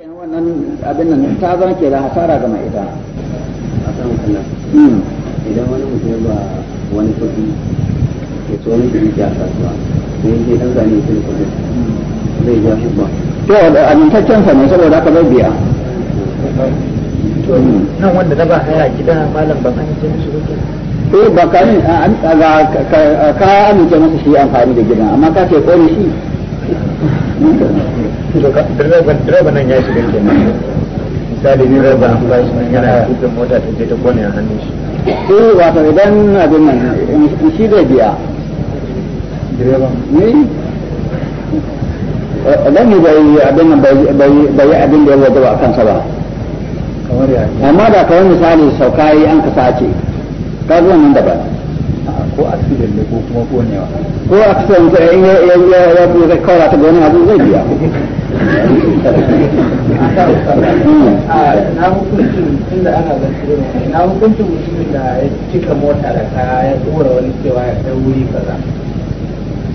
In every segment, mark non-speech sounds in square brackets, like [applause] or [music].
kenan wannan abin nan ta zama ke da hasara ga mai ita a kan wannan idan wani mutum ba wani kuɗi so ya kasuwa sai yake dan shi zai ja shi ba to da amintaccen sa ne saboda haka bai biya nan wanda na ba haya gida malam ban amince mishi ba eh, ba ka ka amince masa shi amfani da gidan amma ka ce kone shi direba ne ya shiga da ne misali ne da ba su yana da mota da ta kone a hannu shi eh wato idan abin nan shi shi da biya direba ne eh abin nan bai bai bai abin da ya wadawa kansa ba kamar ya amma da kawai misali sauka yi an kasa ce ka zuwa nan da ba ko accident ne ko kuma konewa ko accident in ya ya ya ya bu zai kaura ta gona abu zai biya na hukuncin tunda ana zance na hukuncin mutumin da ya cika mota da kaya ya tsora wani cewa ya kai wuri kaza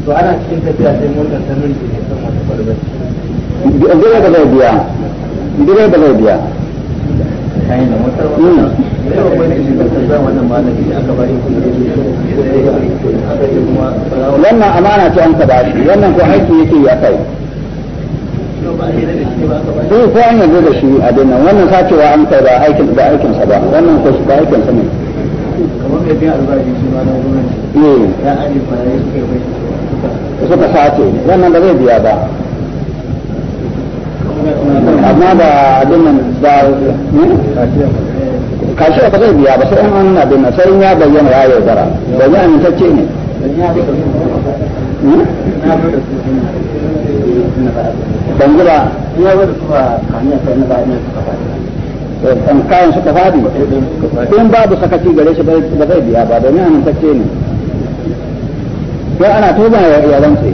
to ana cikin tafiya sai motar ta nuna ne kan wata kwalbati direba ba zai biya direba ba zai biya wannan amana ce an ka ba shi wannan ko aiki yake ya kai sai ko an yanzu da shi a dinnan wannan sacewa an kai ba aikin ba aikin sa ba wannan ko ba aikin sa ne kamar mai biyan albashi shi ma na gwamnati ya aje kwanaye suka yi suka sace wannan ba zai biya ba amma da abin da hmm? kashi ba zai biya ba sai an an abin nan sai ya bayyana ba ya ne hmm? ba gare shi ba zai biya ba domin amintacce ne ana tuba ya rantse.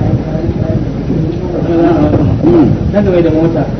Hmm. Nan da mai da mota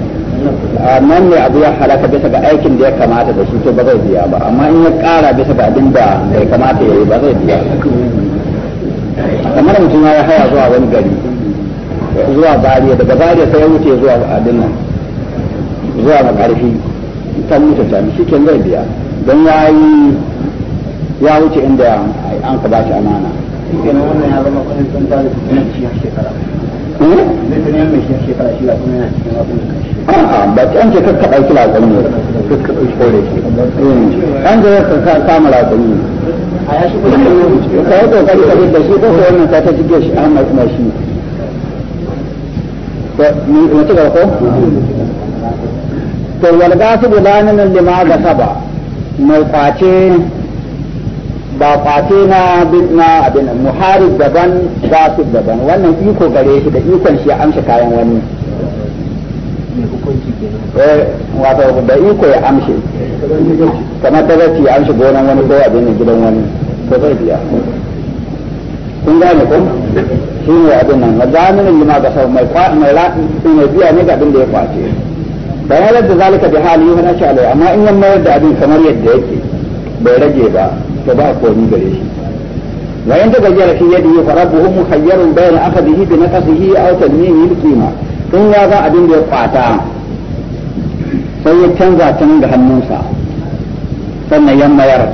nan ne abu ya halaka bisa ga aikin da ya kamata da shi to ba zai biya ba amma in ya kara bisa ga abin da ya kamata ya yi ba zai biya kamar mutum ya haya zuwa wani gari zuwa bariya daga bariya sai ya wuce zuwa abin nan zuwa karfi ta mutu ta shi ke zai biya don ya yi ya wuce inda an ka ba shi amana. a'a ba an ce kakka ɗauki latsani ne an ce ka kama latsani ne ka yi kokari ka da shi ko ko wannan ta ta jige shi an mai shi ko ci gaba ko to walga su gudanar lima ga saba mai kwace ba kwace na na abin muharib daban su daban wannan iko gare shi da ikon shi ya amshi kayan wani eh, wato da iko ya amshi kamar da zai ya amshi gonan wani ko abin da gidan wani ko zai biya kun gane ko shi ne abin nan wa zaminin lima ga sau mai kwa mai rafi mai biya ne ga abin da ya kwace bayan da zalika bi hali yana shi alai amma in yan mayar da abin kamar yadda yake bai rage ba to ba komi gare shi wa yanda gayyara fi yadihi fa rabbuhum mukhayyarun bayna akhadihi bi naqsihi aw tanmihi bi qima tun ya ga abin da ya kwata sai ya canza ta da hannunsa sannan yan mayar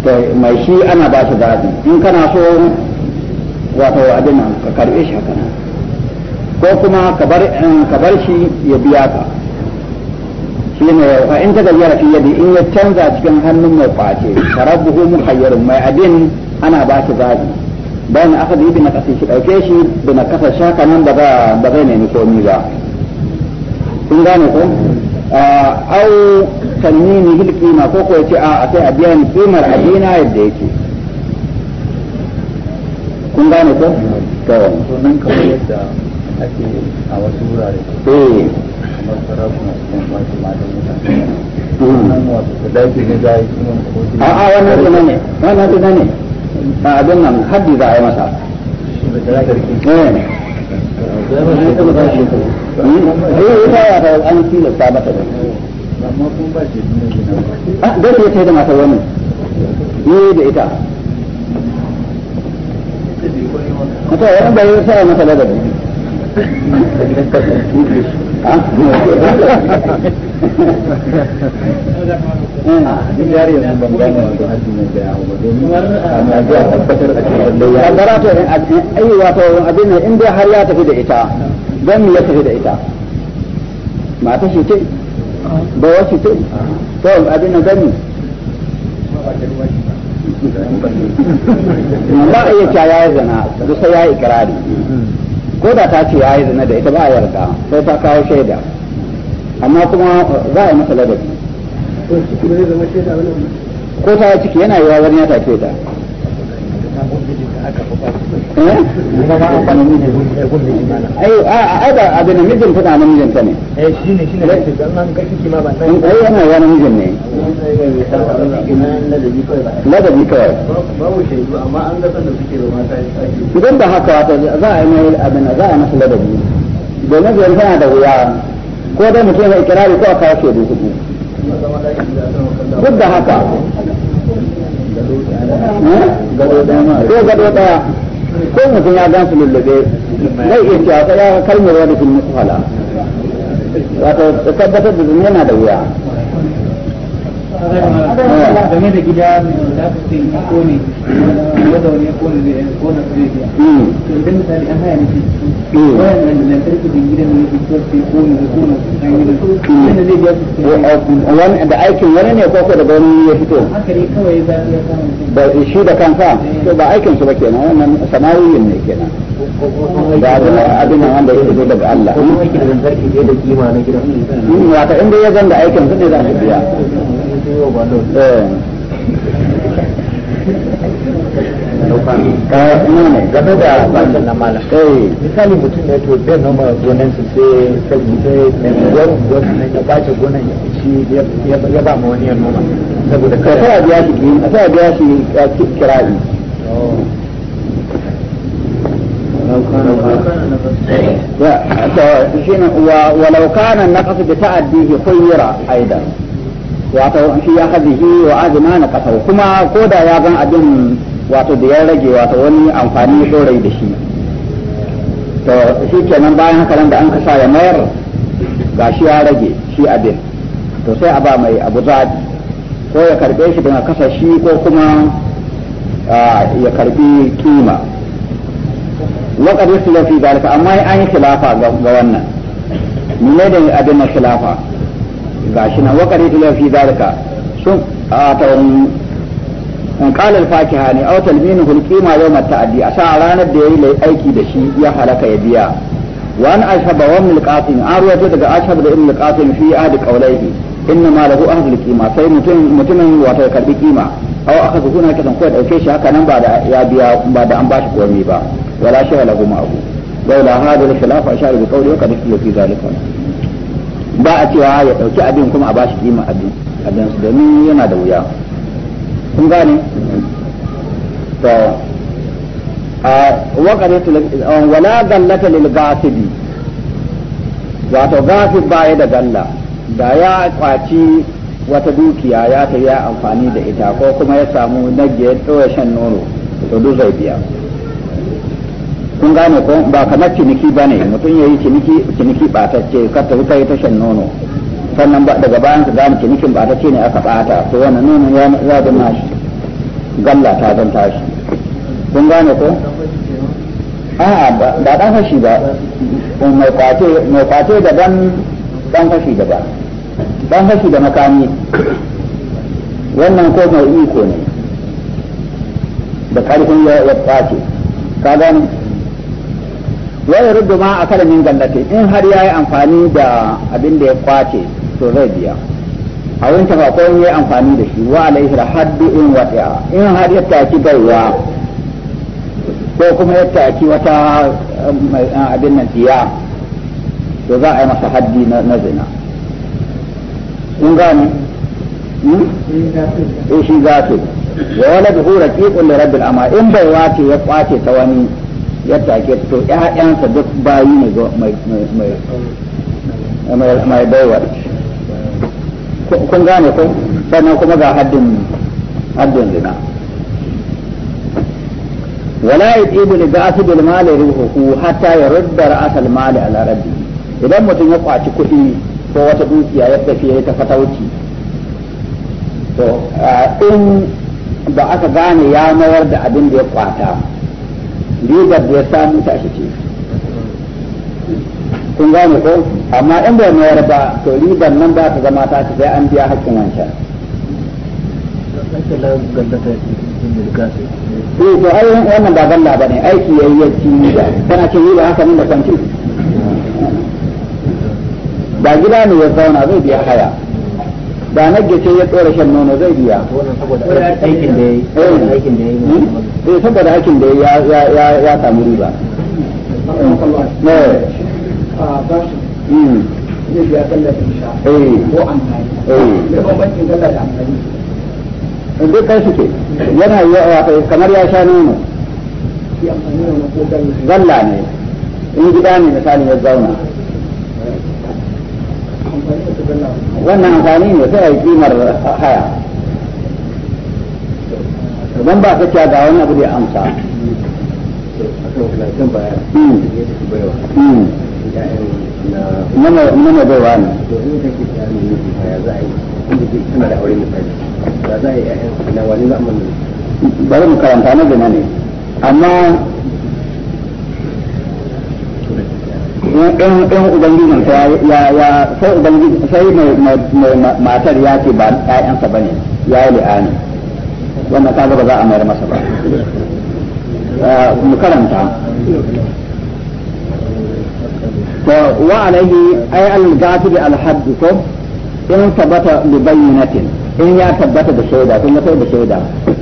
to mai shi ana ba shi zaɓi in kana so wato abin ka karɓe shi haka ko kuma ka bar shi ya biya ka shi ne fa in tagayyara fi yadi in ya canza cikin hannun mai kwace mu muhayyarun mai abin ana ba shi zabi bayan aka yi na kasa shi dauke shi bin na kasa shaka nan ba ba zai nemi komi ba kun gane ko au tanini hilki ma ko ko yace a sai a biya ni kimar abina yadda yake kun gane ko to nan kamar yadda ake a wasu wurare eh a'a wannan kuma ne wannan kuma ne a abin nan haddi za a yi masa eh ita ya ta an tilasta mata da a da ke ta da m a s a wani ne da ita ta a r a n bayan sa mata ladabi kaddara abin ne in dai har ya tafi da ita don ya tafi da ita mata shi ce ba ce to abin gani ba a iya ya zana da sai ya yi ikirari ko da ta ce ya yi zina da ita ba a yarda sai ta kawo shaida amma kuma za a yi masa ladabi ko ta ciki yana yiwa wani ya take ta ai ba a gani mijin tana na mijin ta ne eh shine shine da ke zama ma ba yana ne ladabi kawai babu shaidu amma an ga sanda suke da mata idan haka za a yi mai abin za a masa ladabi domin zai da wuya ko dai mutum ya ko a kawo shaidu duk da haka gado ko mutum ya gan su lullube zai iya cewa ko ya kalmar wani fil musfala wato tabbatar da yana da wuya game da gida da ku na zai biya hmm. to idan misali an haya ne da lantarki da gidan ne da aikin wani ne ko da wani ya fito ba shi da kansa to ba aikin su ba kenan wannan samawiyin ne kenan da abin abin nan wanda yake daga Allah yake da zarki da kima na gidan hmm, wata inda ya zanda aikin su ne za su biya eh. Eh. ne game da bashin na malam misali mutum ya to bai noma gonan su sai sai sai gwar gonan ya bace gonan ya ci ya ba ma wani ya noma saboda kai sai biya shi sai biya shi kirari ولو كان النقص بتعديه خير ايضا wato shi ya hazihi wa azima na kasau kuma ko da ya gan abin wato da ya rage wato wani amfani ya dorai da shi to shi kenan bayan haka nan da an kasa ya mayar ga shi ya rage shi abin to sai a ba mai abu zaɓi ko ya karɓe shi daga kasa shi ko kuma ya karɓi kima waƙar yi fi zalika amma an yi filafa ga wannan ne da abin na filafa ga shi nan waƙar da fi zalika sun a in qala al-fakiha ne aw talminuhu al-qima yawm at-ta'di a sa ranar da yayi aiki da shi ya halaka ya biya wa an ashaba wa min al-qasim an ruwato daga ashab da ibn al-qasim fi ahdi qawlayhi inna ma lahu ahd al-qima sai mutum mutumin wato karbi kima aw aka zuhuna kasan ko dauke shi haka nan ba da ya biya ba da an bashi komai ba wala shay'a lahu ma'ahu laula hadha al-khilaf ashara bi qawli wa qad fi zalika ba a cewa ya dauki abin kuma a bashi kima abin abin domin yana da wuya kun gane to wa qaratu wala gallata lil gasibi wato baya da galla da ya kwaci wata dukiya ya ta yi amfani da ita ko kuma ya samu nage ya tsoya shan nono to duk zai biya kun gane ko ba kamar ciniki ba ne mutum ya yi ciniki ba ta ce ka tafi kai ta shan nono sannan ba daga bayan su gane cinikin ba ta ce ne aka bata to wannan nonon ya za da nashi galla ta zan tashi kun gane ko a ba dan fashi ba mai kwace mai kwace daban dan fashi daban dan fashi da makami wannan ko mai iko ne da karfin ya kwace ka gane wai rubuma ma a kalamin gallate in har ya yi amfani da abin da ya kwace to zai biya a ko akwai wani amfani da shi wa alaihi haddu in wadi'a in har ya taki baiwa ko kuma ya taki wata um, uh, abin nan tiya to za a yi masa haddi na zina in gani in shi za su wa wala da hura kikun da rabbil amma in bai wace ya kwace ta wani ya take to ƴaƴansa duk bayi ne mai baiwar kun gane ko sannan kuma ga haddin haddin zina wala yujibu li ba'th bil mali ruhu hatta yurda ra'as al mali ala rabbi idan mutum ya kwaci kuɗi ko wata dukiya ya tafi ya ta fatauci to in ba aka gane ya mayar da abin da ya kwata rigar da ya samu ta shi kun gane ko amma in bai mayar ba to riban nan ba ta zama ta sai an biya hakkin wancan Eh to ai wannan ba galla bane aiki yayi ya ci kana ce ba haka nan da kwanci ba gida ne ya zauna zai biya haya ba nagge ce ya tsora shan nono zai biya saboda aikin da yayi aikin eh. da yayi saboda aikin da hmm? eh, ya ya ya samu riba bashin hmm. zai biya eh. ko amfani eh. amfani kai suke yana eh, kamar ya sha nono galla ne in gida ne misali ya zauna wannan amfani ne sai a yi kimar haya idan ba ka ga wani abu da ya amsa a hmm. kan hmm. mana da wani mu karanta na gina ne amma in ya ya sai ubangiji sai mai matar ya ce ba ƴaƴansa bane ya yi li'ani wannan kaga ba za a mayar masa ba eh, mu karanta وعليه أي القاتل على حد الحدكم إن ثبت ببينة إن يا ثبت بشهادة ثم ثبت بشهادة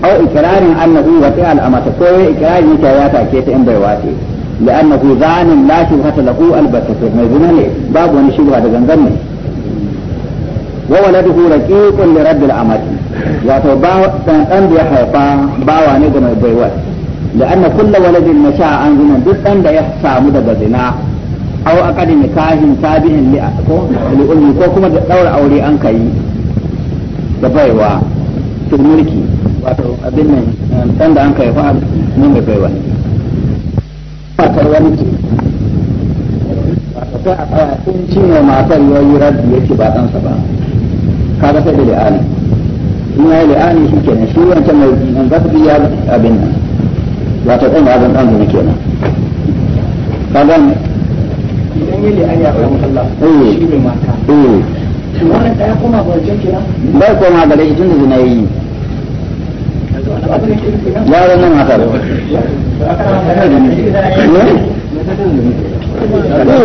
أو إقرار أنه وقع الأمات كوي إقرار متواتا كيت إن بيواتي لأنه ظان لا شبهة له البتة ما يزنني باب ونشبه هذا زنزني وولده رقيق لرد الأمات wato ɗan تنقن ya haifa bawa ne بيوات لأن كل ولد مشاء waladin na sha an zina duk aw aqadi nikahin tabi'in li ko li ummi ko kuma da daura aure an kai da baiwa to mulki wato abin nan eh, dan da an kai fa mun da baiwa fatar wani wato ta a tsaya in cinye matar yoyi rabbi yake ba dan sa ba kaga sai da li'ani in ya li'ani shi kenan shi wancan mai nan ba su ya abin nan wato dan ya zan dan kenan kaga idan ya la'ani a wurin Allah shi ne mata to wannan ɗaya koma ba wajen kenan bai koma gare shi tun da zina yi yaron nan matar ne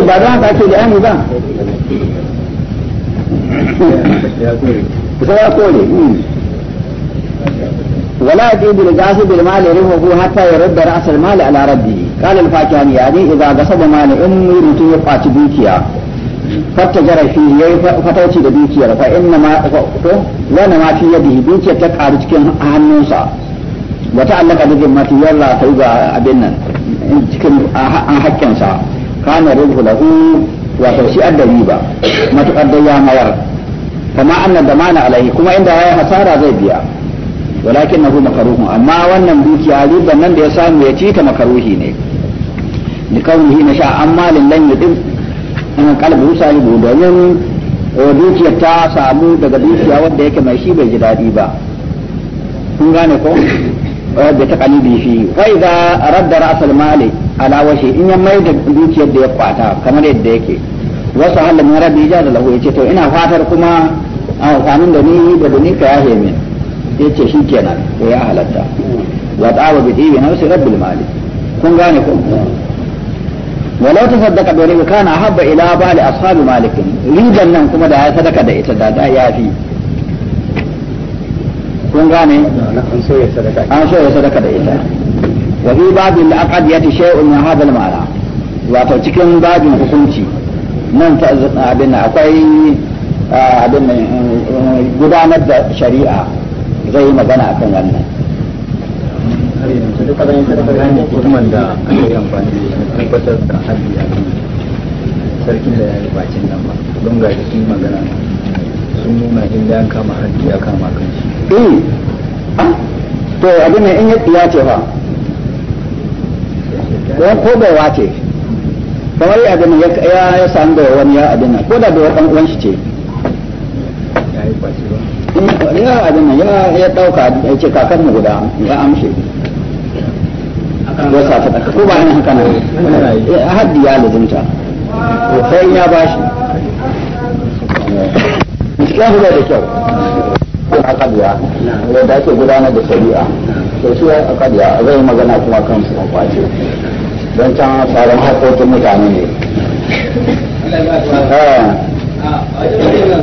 ba za ka ce da yamu ba kusa ya kore ولا يجوز للغاصب المال يرفعه حتى يرد رأس المال على ربه قال الفاكهاني يعني إذا قصب مال إن يريد يقات بيكيا فاتجر فيه فتوتي بيكيا فإنما وإنما في يده بيكيا تقعد كن هنوسا وتعلق بذمته يلا فإذا أبنا cikin an hakkinsa kana rizqu lahu wato shi addari ba matukar dai ya mayar kama anna damana alaihi kuma inda ya hasara zai biya walakin nahu makaruhu amma wannan dukiya riban nan da ya samu ya ci ta makaruhi ne لقوله نشاء amma لن يدم أنا قلب موسى يبو domin dukiyar ta samu daga dukiya wanda yake mai shi bai ji daɗi ba kun gane ko da ta kalibi shi wai da radda ra'sal mali ala washi in ya mai da dukiyar da ya kwata kamar yadda yake wasu halin mun rabi ja da lahu yace to ina fatar kuma amfanin da ni da duni ka yahe min yace shi kenan ya halatta wa ta'awa bi dibi nafsi rabbil mali ولو تصدق بريء كان أحب إلى بال أصحاب مالك ريجا نن كما دا صدق دا إتا دا يافي kun gane an so ya sadaka da ita wa fi babin da aqad yati shay'un min hadha al-ma'ana wato cikin babin hukunci nan ta abin akwai abin gudanar da shari'a zai magana akan wannan gane da aka yi amfani da tabbatar da haddi a sarkin da ya yi bacin nan ba don ga shi magana sun nuna inda ya kama hajji ya kama kan shi to abin nan in ya tsiya ce fa don ko bai wace kamar ya abin ya ya samu da wani ya abin nan ko da da wani uwan shi ce ya yi abin nan ya ya dauka ya ce kakan mu guda ya amshe wasa sadaka ko ba ni haka eh, haddi ya sai ya bashi da kyau a kadiya ake gudanar da shari'a to shi a kadiya zai magana kuma kan su kwace don can tsaron haƙoƙin mutane ne eh. ah, a wajen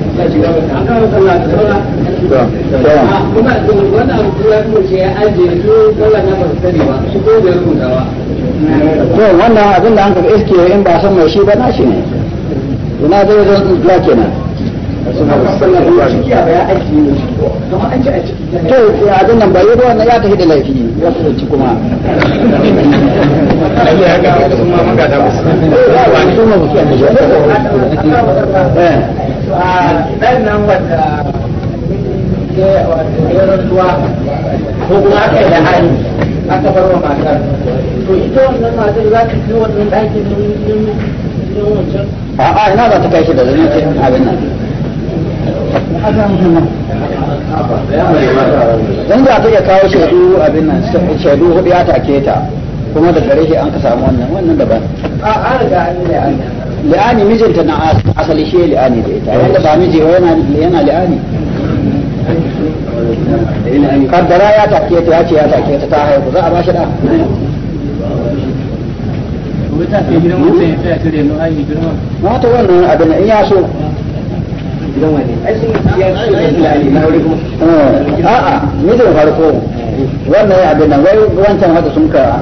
kuma wannan abu ya ce ya ajiye su sallar na masu sani ba shi ko bai rubutawa to wannan abin da an kaga iske in ba san mai shi ba nashi ne ina zai zai zuwa kenan to abin nan ya laifi ya kuma ya ga su ma ba su ba ne Ah, dan nan ah, ah, wanda ya rasuwa ko kuma aka yi da hari aka bar wa matar to ita wannan matar za ta fi wannan ɗakin nun wancan a'a ina za ta kai shi da zalikin abin nan dan da iya kawo shaidu abin nan shaidu hudu ya take ta kuma da gare shi an ka samu wannan wannan daban a'a an riga an yi li'ani mijinta na asali shi li'ani da ita wanda ba miji yana yana li'ani kaddara ya take ta yace ya take ta ta haihu za a ba shi da wata wannan abin in ya so a'a mijin farko wannan abin nan wai wancan haka sun ka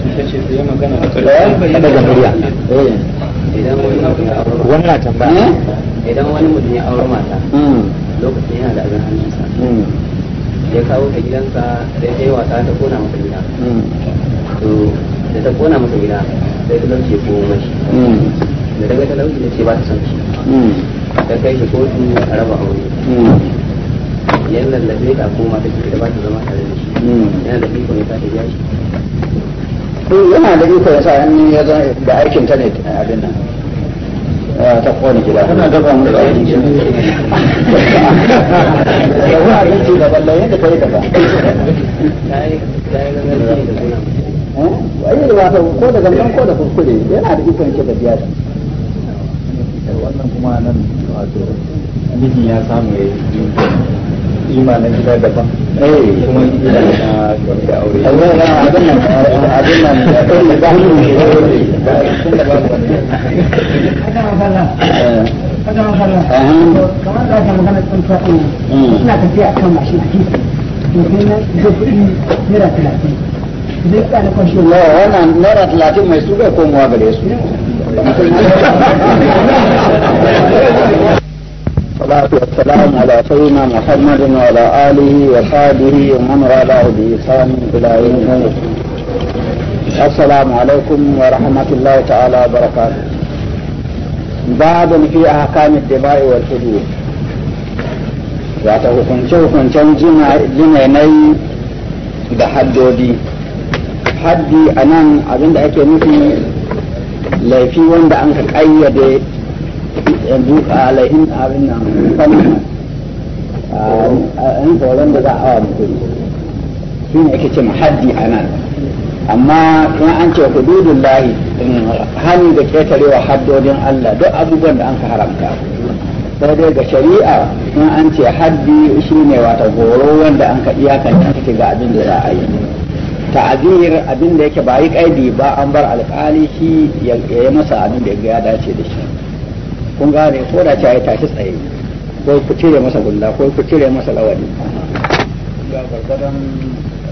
Eh, daga murya wannan tambaya eh. idan wani mutum ya auri mata eh? hmm. lokacin yana da abin hannunsa hmm. ya kawo ta gidansa da ya yi wasa ta kona masa gida hmm. to da ta kona masa gida sai ta lauce ko mashi da daga ta lauce ce ba ta son shi ta kai shi kotu a raba aure yan lallabe ta koma ta ke da ba ta zama tare da shi yana da iko ne ta biya shi yana da iko ya sa hannu ya zan da aikin ta ne abin nan ta kone gida tana dafa mu da aikin gida da wani da ballon yadda da yi dafa wani da ta ko da gangan ko da kuskure yana da ikon ce da biya shi wannan kuma nan wato mijin ya samu ya yi imanin gida daban kuma gida na wanda aure amma na abin nan abin nan da kuma da hulun shi da wuri da sun da babu wani haka masala haka masala kamar da wata magana sun tuwa ɗin suna tafiya a kan mashin titi to sai na zai kuɗi naira talatin zai ƙana kwashi wannan naira talatin mai su bai komowa gare su والصلاة والسلام على سيدنا محمد وعلى آله وصحبه ومن والاه بإحسان إلى يوم الدين. السلام عليكم ورحمة الله تعالى وبركاته. باب في أحكام الدماء والحدود. wato hukunce-hukuncen jinai da haddodi بحدودي. حدي أنا abinda أكيد مثلي لا في وين ka ƙayyade duka alaihin abin nan musamman a yan tsoron da za a mutum shi ne ake ce haddi a nan amma in an ce hududun lahi hannu da ketarewa haddodin Allah duk abubuwan da an ka haramta sai dai ga shari'a in an ce haddi shi ne wata goro wanda an ka iyakanta take ga abin da za a yi ta'azir abin da yake ba yi kaidi ba an bar alƙali shi ya yi masa abin da ya dace da shi kun gane ko da cewa ya tashi tsaye ko ku cire masa gulla ko ku cire masa lawani ga gargadon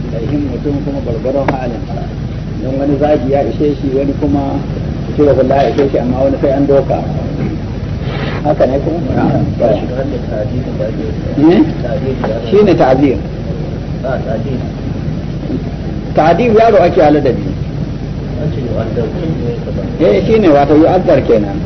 laihin mutum kuma gargadon halin don wani zagi ya ishe shi wani kuma cire gulla ya ishe shi amma wani sai an doka haka ne kuma shi ne ta'azir ta'adib yaro ake aladadi eh shi ne wato yu'azzar kenan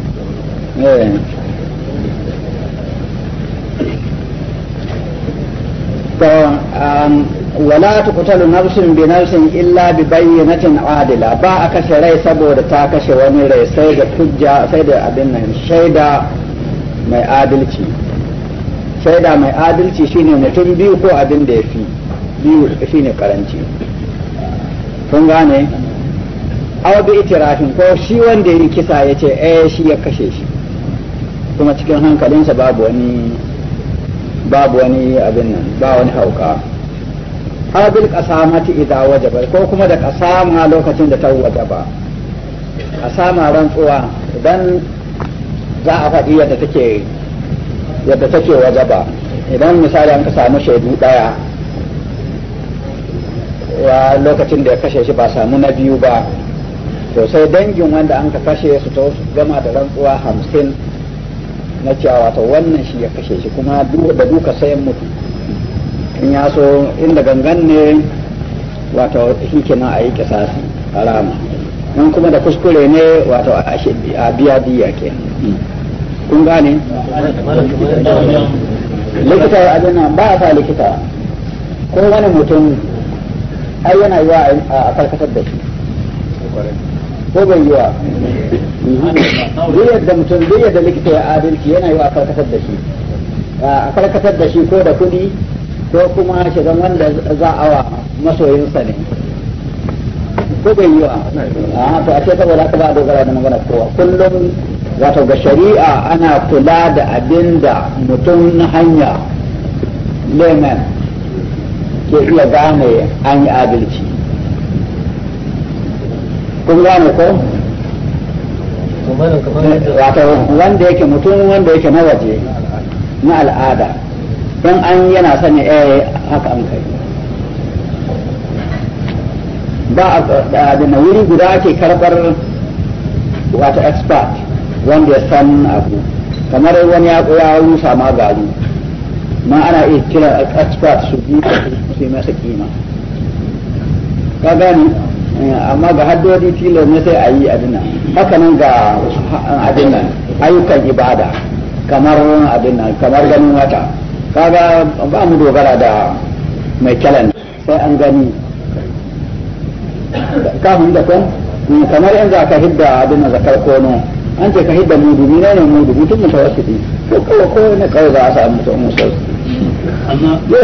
ولا تقتل نفس بنفس bi ببينة عادلة با أكش رأي سبو تا كش وني رأي سيدة حجة سيدة sai شيدة ما عادلتي shaida mai adalci shine mutum biyu ko abin da ya fi biyu shine karanci kun gane aw bi itirafin ko shi wanda ya kisa yace eh, shi ya kashe shi kuma cikin hankalinsa babu wani babu wani abin nan ba wani hauka abil qasamati ida wajaba ko kuma da qasama lokacin da ta wajaba qasama rantsuwa idan za a faɗi yadda take yadda take wajaba idan misali an ka samu shaidu ɗaya wa lokacin da ya kashe shi ba samu na biyu ba to sai dangin wanda an ka kashe su ta gama da rantsuwa hamsin na cewa wato wannan shi ya kashe shi kuma da duka sayan mutu in ya so inda gangan ne wato shi kenan a yi kisasi harama in kuma da kuskure ne wato a biya diya ke kun gane likita ya ajina ba a sa likita ko wani mutum ai yana yi a karkatar da shi ko bai yi wa. duk da mutum duk da likita ya adalci yana yi wa karkatar da shi a karkatar da shi ko da kuɗi ko kuma shigan wanda za a wa masoyinsa ne ko bai wa a to a ce saboda aka ba dogara da magana kowa kullum wato ga shari'a ana kula da abin da mutum na hanya leman ke iya gane an yi adalci kun gane ko wato wanda yake mutum wanda yake na waje na al'ada don an yana sani eh haka an kai ba a da wuri guda ke karbar wata expert wanda ya san abu kamar wani ya ya rusa ma gari ma ana iya kira expert su biyu su yi masa kima ka gani amma ga haddodi tilo ne sai a yi abin haka nan ga adina ah, ayyukan ibada kamar adina kamar ganin wata kaga ba mu dogara da mai kyalan sai an gani kafin da kan kamar yanzu aka hidda adina zakar kono an ce ka hidda mudu ne ne mudu mutum mu ne ko kawai ko ne kawai za a samu mutum musul amma [laughs]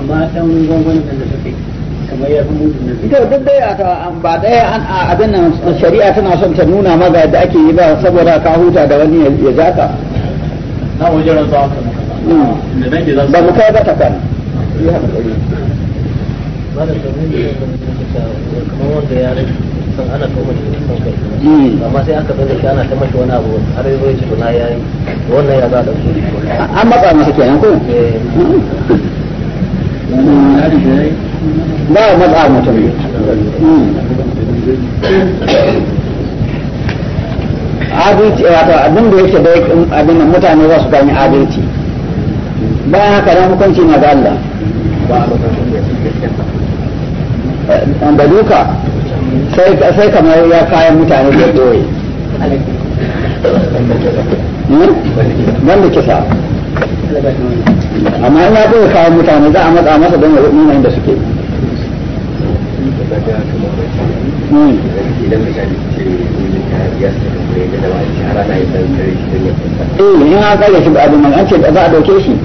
amma dan gwangwani to duk dai ba daya an abin nan shari'a tana son ta nuna ma ga yadda ake yi ba saboda ka huta da wani ya zaka na wajen hmm. ba mu kai ba ta kan ana kawo da ya kai hmm. amma sai aka ana ta wani abu har ya ya za a ɗauke shi an matsa masa kenan ko eh. hmm. ba matsa mutum hmm. adalci wato abin da yake da abin da mutane za su gani adalci bayan haka nan hukunci na ga Allah eh, da duka sai kamar ya kayan mutane da doye wanda hmm? kisa amma in ya zo kawo mutane za a matsa masa don ya nuna inda suke hmm. eh in an kare shi ba abin an ce da za a dauke shi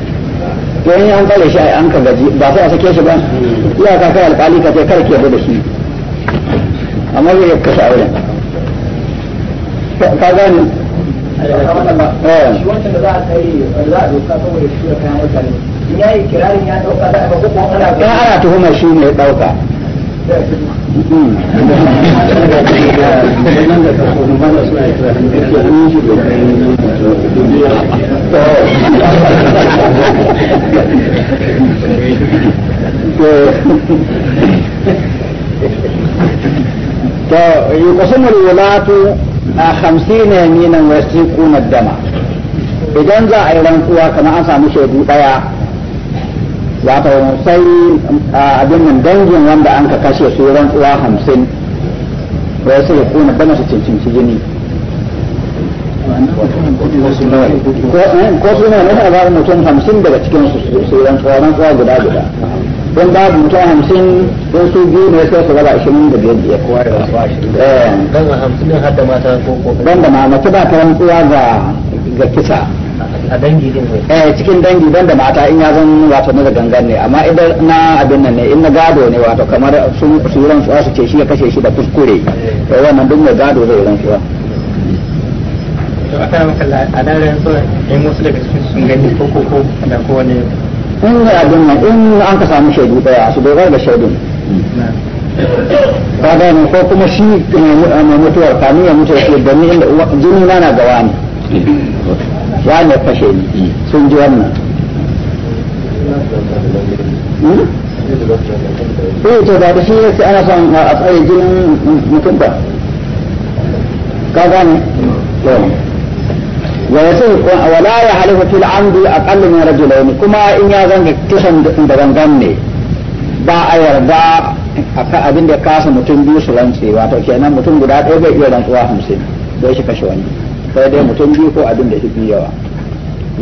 to in an kare shi an ka gaji ba sai a sake shi ba iya ka kai alƙali ka ce kar ki yarda da shi amma zai kashe auren ka gane Eh. shi wancan da za a kai za a doka saboda shi da kayan mutane in yayi kirarin ya dauka za a ba ko ana ga eh, ana tuhuma shi ne dauka to a hamsin yaminan wasiquna dama idan za a yi rantsuwa kamar an samu shaidu ɗaya wato sai abin nan dangin wanda an ka kashe su rantsuwa hamsin wai sai kuna dama su cincinci jini ko eh, suna ne a ba mutum hamsin daga cikin su su rantsuwa rantsuwa guda guda don babu mutum hamsin don su biyu ne sai su raba ashirin da biyar biyar. Kowa ya raba ashirin. Eh. Don a hamsin din hadda mata ko ko. Don da mace ba ta rantsuwa ga ga kisa. A dangi din ne. Eh cikin dangi don da mata in ya zan wato na gangan ne amma idan na abin nan ne in na gado ne wato kamar sun su rantsuwa su ce shi ya kashe shi da kuskure. To wannan duk mai gado zai rantsuwa. To a kan a nan rantsuwa in wasu daga cikin sun gani ko ko ko da kowane in abin nan in an ka samu shaidu daya su dogara da shaidun ka gane ko kuma shi eh, mai mutuwar kami ya mutu yake da ni inda jini na na gawa ne wani ya fashe ni sun ji wannan hmm? eh to da shi yake ana son a tsaye jinin mutum ba ka wala ya ويصير ولا يحلف في العمد kuma in ya كما إن يظن كسن ne ba a yarda a kan abin da ya kasa mutum biyu su rantse wato kenan mutum guda ɗaya bai iya rantsuwa hamsin bai shi kashe wani sai dai mutum biyu ko abin da shi yawa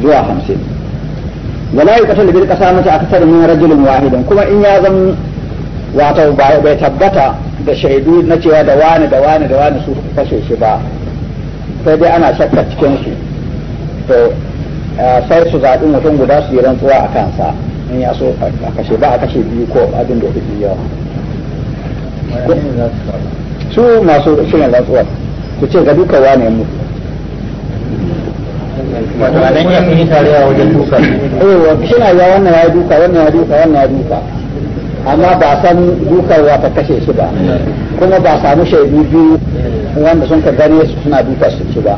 zuwa hamsin wala yi kasar bil kasa mace akasar min rajulin wahidan kuma in ya zan wato bai tabbata da shaidu na cewa da wani da wani da wani su kashe shi ba sai dai ana shakka cikin su to sai su zaɓi mutum guda su yi rantsuwa a kansa in ya so a kashe ba a kashe biyu ko abin da kuɗi yawa su masu shirin rantsuwa ku ce ga duka wane mutu wajen eh, shina ya wannan ya duka wannan ya duka wannan ya duka amma ba san dukar wata kashe shi ba kuma ba samu shaidu biyu wanda sun ka gane su suna duka su ba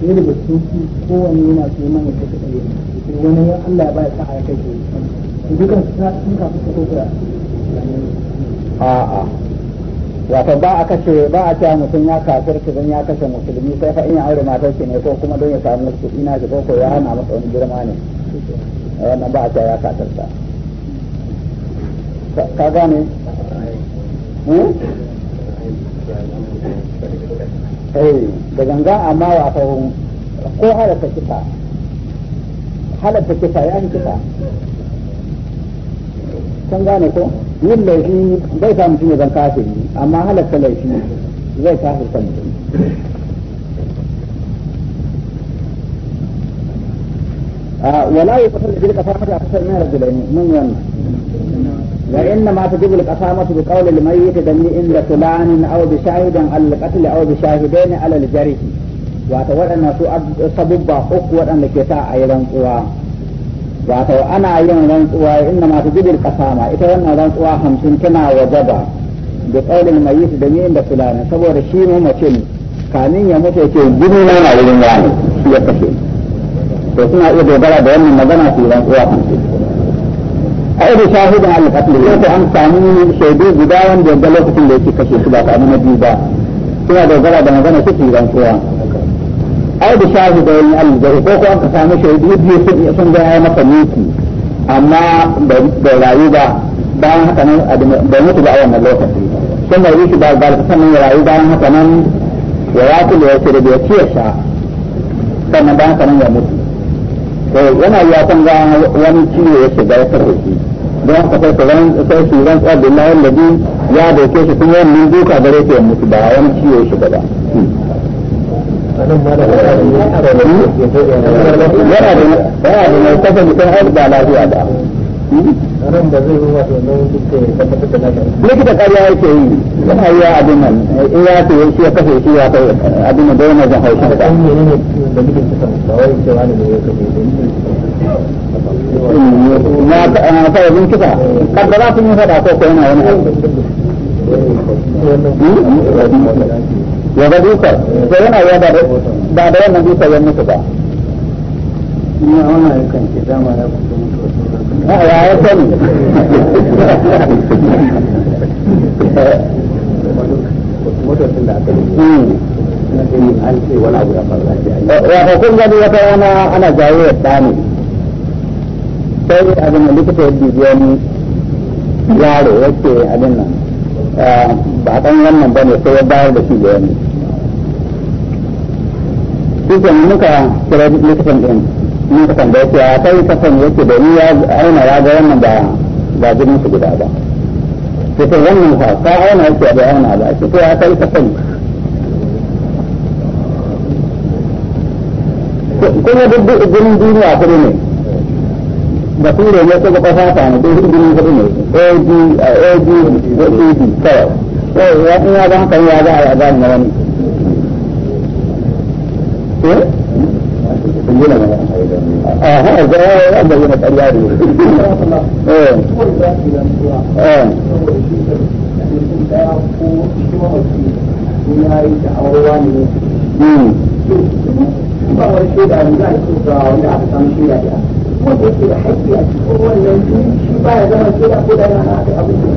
sai da batutu kowanne yana so man ya kai tsaye sai wani ya Allah ya baya sa'a ya kai tsaye to dukan sun kafa su ko kura a'a wato ba a kashe ba a cewa mutum ya kafir ki zan ya kashe musulmi sai fa in ya aure matar ki ne ko kuma don ya samu wasu ina shi ko ya hana masa wani girma ne wannan ba a cewa ya kafirta ka gane hmm? eh da ganga amma wato ko halatta kifa halatta kifa ya kifa kan gane ko yin laifi bai sa shi ne zan kafin amma halatta laifi zai kafirta mutum آه، ولا يقتل بذلك قسامة أكثر من رجلين يعني من ين وإنما تجب القسامة بقول الميت دمي إن لفلان أو بشاهد على القتل أو بشاهدين على الجريح واتوا أن سبب أقوى أن كتاء أيضا قوى واتوا أنا أيضا رنقوى إنما تجب القسامة إذا أن رنقوى خمسين كما وجب بقول الميت دمي إن لفلان سبب رشيم ومتن كان يموت يتين بدون أن أعلم يعني to suna iya dogara da wannan magana su yi rantsuwa kan su a irin shahidin alƙasar ko ko an samu shaidu guda wanda ga lokacin da yake kashe su ba ta nuna biyu ba suna dogara da magana su yi rantsuwa ai da shahidin alƙasar ko ko an samu shaidu biyu sun ga ya maka miki amma bai rayu ba bayan haka nan bai mutu ba a wannan lokaci sun da shi ba ga sannan ya rayu bayan haka nan ya yakulu ya da ya ciyar sha sannan bayan haka nan ya mutu to eh, yana ya kan ga wani ciwo ya shiga ya sarrafa shi don haka sai ka ran sai shi ran tsar billahi bi ya dauke shi kuma wannan duka gare ta mutu ba wani ciwo ya shiga ba hmm. yana da yana da mai kafa mutum har lafiya ba آدمی بہت مزہ آپ کتاب آپ کو باد میٹھا کیا a ya sani motocin yi kun gani wata rana ana jawo ya tsani sai abin da likita ya bibiya ni yaro yake abin nan ba wannan ba ne sai ya bayar da shi da yanni. Shi ke muka kira likitan ɗin ne kasan da yake a kai kasan yake da ni ya aina ya ga wannan ba ba jinin su guda ba ko ko wannan ka ka aina yake da aina ba ko ya kai kasan ko ne duk jinin duniya ko ne da kure ne ko ga fasa ne duk jinin ko ne a g a g ko a g ka ko ya ina ga kan ya ga ya ga wannan eh هنا اه هذا هذا هنا الرياضي [laughs] ايه اه امم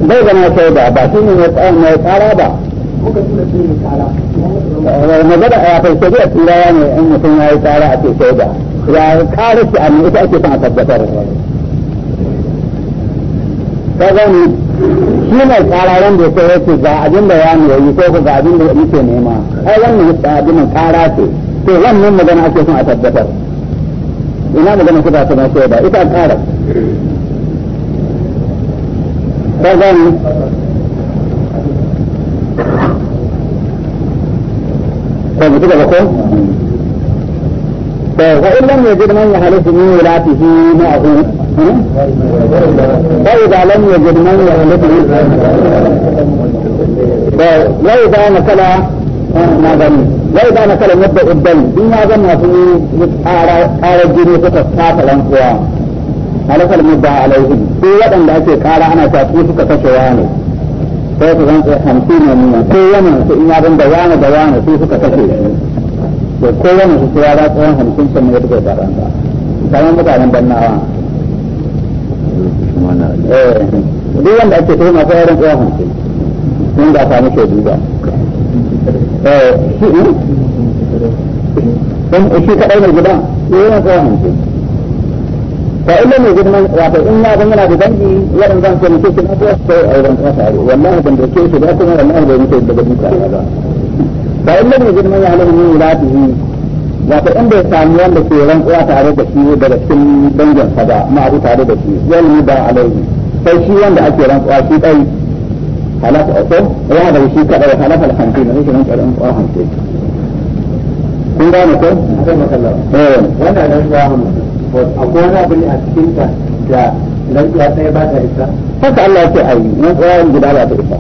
بينما سيدا باطن يتعارض magana a yafai shari'a turawa ne in mutum ya yi tsara a ce shaida ya kare shi amma ita ake son a tabbatar ka gani shi mai tsara wanda ya ce ya ce ga abin da wani ya yi ko ga abin da yake nema ai wannan ya abin tsara ce to wannan magana ake son a tabbatar ina magana kuka ta na shaida ita tsara ka gani فهمت كده بقول؟ طيب وإن لم يجد من يحلف بميراثه معه وإذا لم يجد من يحلف طيب وإذا نكل ما ظن وإذا نكل مدة الدم بما ظن في آل الجنية تتصاف الأنقوام هل فلم يبدأ عليهم في وقت أنك قال أنا تأتي فكتشواني sai su zan hamsin na nuna kowane su in yaron da wani da wani su suka kashe shi to kowane su ya ba tsawon hamsin sun ne suka fara kamar mutanen bannawa eh, duk wanda ake tuhuma sai yaron tsawon hamsin mun ga samu shaidu ba eh, shi kadai mai gida wani tsawon hamsin فإن لم يجدنا وقت يعني إنا ظننا بذنبي ولم ظن كان كيش الأسوأ أو ظن أسعري والله ظن كيش الأسوأ والله ظن كيش الأسوأ فإن لم يجدنا يعلم من ولاده وقت إن بيسامي وان بكي ظن قوة تعرض بشي بدكتن بنجن صدا ما أبو تعرض بشي والمدى عليه فشي وان بأكي ظن قوة شيء أي حلاف أصب وهذا بشي كأي حلاف الخمسين ليش من كأي قوة خمسين كن دانكم؟ أحسن الله وانا أدعي tabbas akwai wani abu ne a cikin ta da nan ya tsaye ba ta isa haka Allah ke ayi na tsayan gida ba ta isa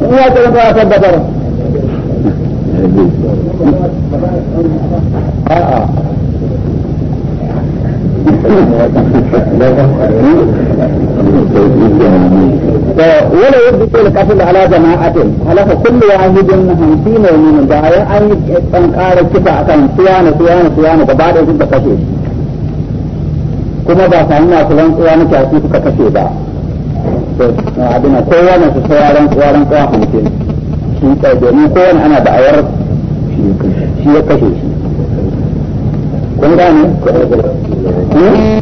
Ya tsaye ba ta tabbatar A'a ولا يبدو القتل على جماعة هلك كل واحد خمسين يوم دعايا أن تنقار كفاءة سيانة سيانة سيانة بعد أن تكشف kuma ba sami na kulan tsuwa na kyafi suka kashe ba abin kowane su sauraron tsuwaran tsuwa hamsin shi tsaye eh, kun gane hmm?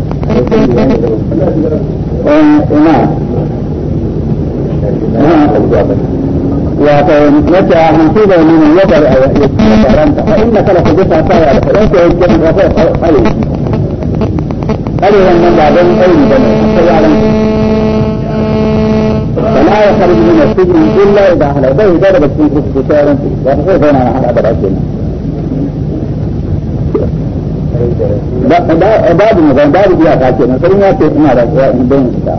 eh, ina ومثل أهنسيبه من يدر فإنك لتجدها صايا فإنك يجب الرفوع قليل قليلا من بعدين قليل فلا يخرج من السجن إلا إذا أهل به ضربت في كتب سائرا فيه وفي بين أهل أبد الجنة باب النظام باب الزيادة كنا سرنا في إسمارة بين الكتاب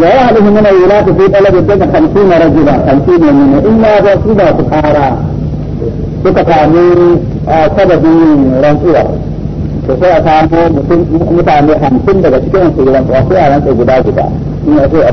ويعلم من الولاد في بلد الدم خمسين رجلا خمسين من إلا رسولا فقارا فقاموا سبب رنسوة فسوى سامو متعمل خمسين daga cikin su rantsuwa sai a rantsa guda guda in ya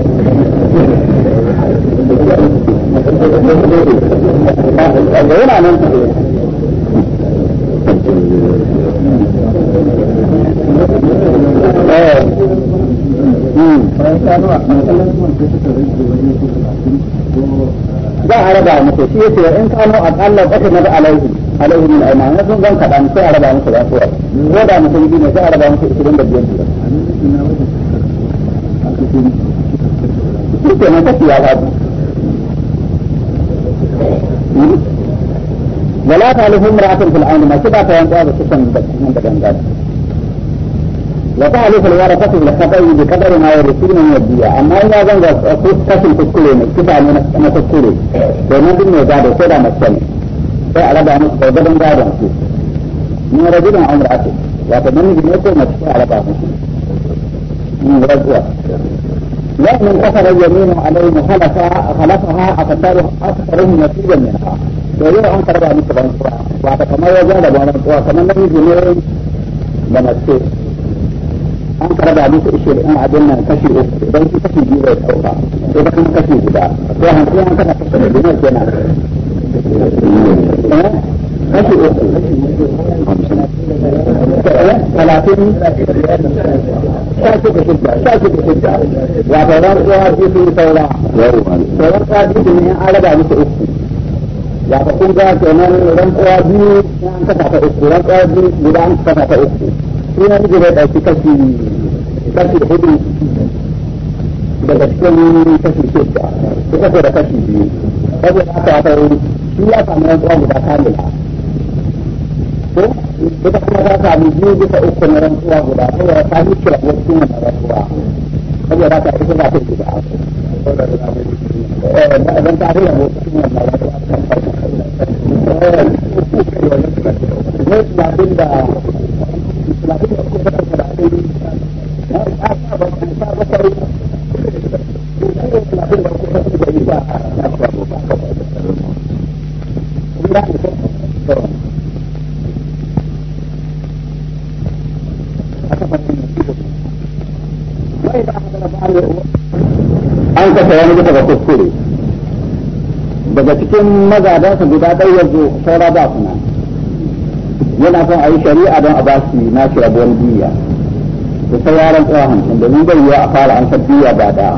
yana za a raba musu shi yace in kano a Allah baka na da alaihi alaihi min aiman sun zan kada sai a raba musu da kowa ko da mutum ne sai a raba musu 25 biyar ولا ke nan في العالم ولا تعلف عن في العين ما كذا فهم هذا السكن من في وتعلف الورثة بالخطأ بقدر ما يرسل من الدية أما إذا كان قصة تكلم كذا من أنا تكلم فما بين هذا كذا مثلا فعلى بعض بعضهم بعضهم من رجل عمر أتى وتمني بنيته مسكين على بعضهم من رجل ومن كسر اليمين عليه خلفها خلفها اكثرهم نتيجا منها ويرى ان ترى ان تبان وكما وجد وكما لم يجمعون لما تصير an karaba musu ishirin abin nan kashi uku idan shi kashi biyu zai sauka idan kuma kashi guda ko hanzu an kana kashi da dinar kenan kashi uku talatin sha shi da shidda sha shi da shidda kun ga kenan ran biyu an ta uku ran biyu guda an ta uku shi bai kashi kashi hudu daga cikin kashi da kashi biyu shi ya samu ran kowa guda kamila ko ko ta kuma ta sami ji da ta uku na ran tuwa guda ko ya ta yi kira ko kuma na ran tuwa ko ya ta yi kuma ta yi guda ko da ran ta yi ko kuma na ran tuwa Terima kasih telah menonton! masa wani bisa ga kuskure daga cikin mazajensa guda ɗaya yanzu saura ba su nan yana son a yi shari'a don a ba shi na shi rabuwar duniya da sauraron tsawa hancin domin bai yiwa a fara an san biya ba da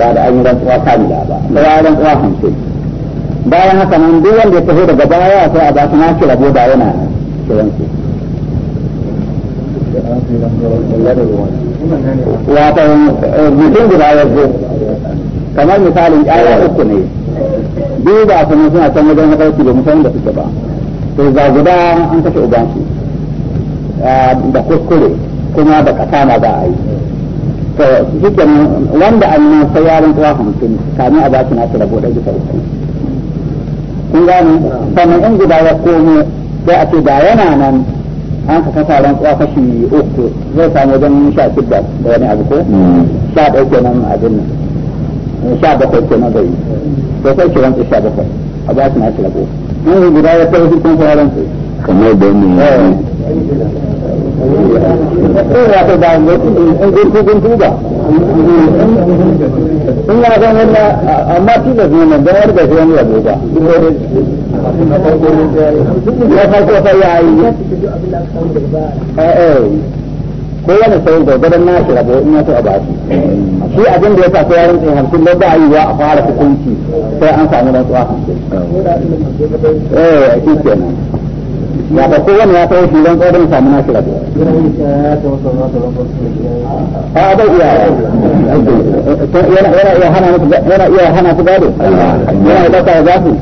ba da an yi rantsuwa kamila ba sauraron tsawa hancin bayan haka nan duk wanda ya taho daga baya sai a ba su na shi rabo ba yana shirin su yin mutum guda yanzu kamar misalin ƴaƴa uku ne biyu ba kuma suna can wajen na mafarki ba musamman da suke ba to za guda an kashe ubansu ah, da kuskure kuma da na za a yi to shi wanda an nan sai yaron kuwa hamsin kamin a baki su rabo da bisa uku kun gani sannan in guda ya komo sai a ce da yana nan an ka kasa ran tsawa kashi uku zai samu wajen sha shida da wani abu ko hmm. sha ɗauke nan abin nan sha bakwai ke nan zai to sai ki sha bakwai a ba su na ki rabo in yi guda ya tafi kun fara rantsa kamar da yi eh, eh ya ta mu in ba eh, eh, in ya ga wannan amma tilas ne nan da wani ba sai ya ba ya ya yi kowane sai gwargwadon na rabo in ya so a shi shi abin da ya sai yaron na yi a fara hukunci sai an samu eh, shi kenan na a da ta zafi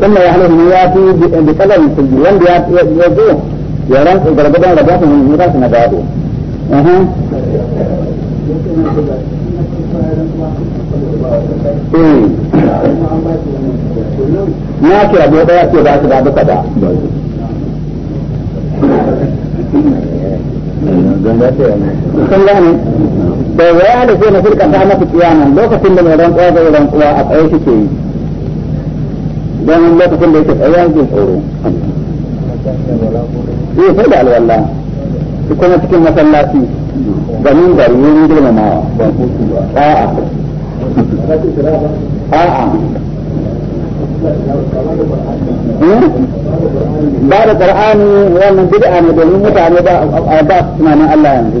ثم يحلف من ياتي بقدر الجيران ياتي يزور يرن ضربتهم ضربتهم من ميراث نبابه اها ناكر ابو بكر في ذاك باب كذا sun da ya da ke na shirka ta mafi kiyanan lokacin da mai ran kwa da ran kuwa a tsaye shi ke yi don lokacin da yake tsaye yake tsoro zai sai da alwallah su kuma cikin masallaci ganin gari wurin girmamawa a'a a'a ba da qur'ani wannan bid'a ne domin mutane ba ba tunanin Allah yanzu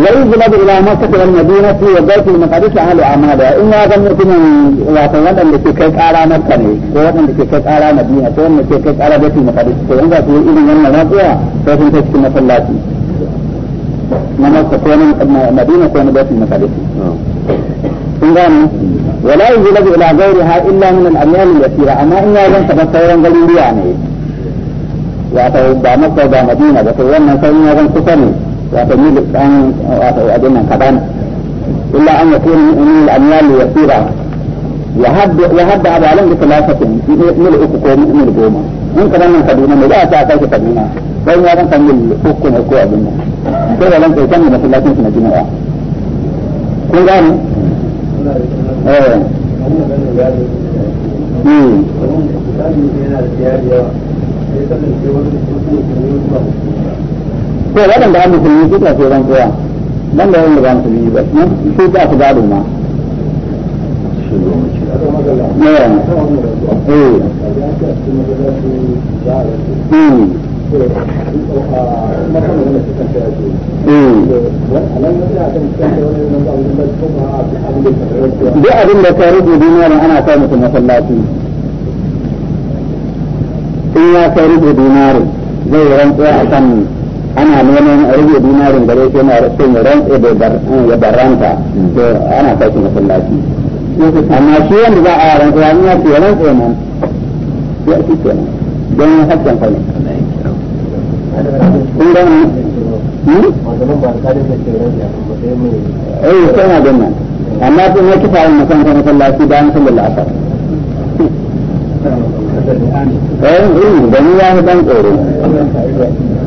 ويذهب الى مكه والمدينه وبيت المقدس اهل اعمالها ان هذا المؤمن واتوا ان لكي كيك على مكه وواتوا ان لكي كيك على مدينه وواتوا ان لكي كيك على بيت المقدس فان ذاك هو الى من نماذجها فهم تشكي مصلاتي نماذج كون مدينه كون بيت المقدس انغام ولا يذهب الى غيرها الا من الاميال اليسيره اما ان هذا تبتورا غير يعني واتوا بامكه ومدينه وتوانا كون هذا كفر وتميل الثاني وأدنى كبان إلا أن يكون من الأموال اليسيرة يهد يهد على علم بثلاثة ملء كوم ملء كوما إن كان من قديمة ملء أتاك قديمة فإن هذا كان ملء كوم أكو أدنى كذا لم تكن من ثلاثين سنة جمعة كل ذلك إيه امم ko waɗanda an musulmi su kan da wanda ba musulmi ba su ba su gado ma duk abin da ka rubu dinarin ana kai mutum masallaci in ya kai rubu zai rantsuwa a kan ana neman a rage dinarin gare shi yana rasa mai rantsa da ya baranta to ana sake masallaci amma shi wanda za a rantsa ya nuna ce rantsa ya nan ya ake ce nan don haƙƙin kwanye kun ga nan eh sai ga nan amma sun yi kifa yin masan kan masallaci da la'asar eh yi da ni ya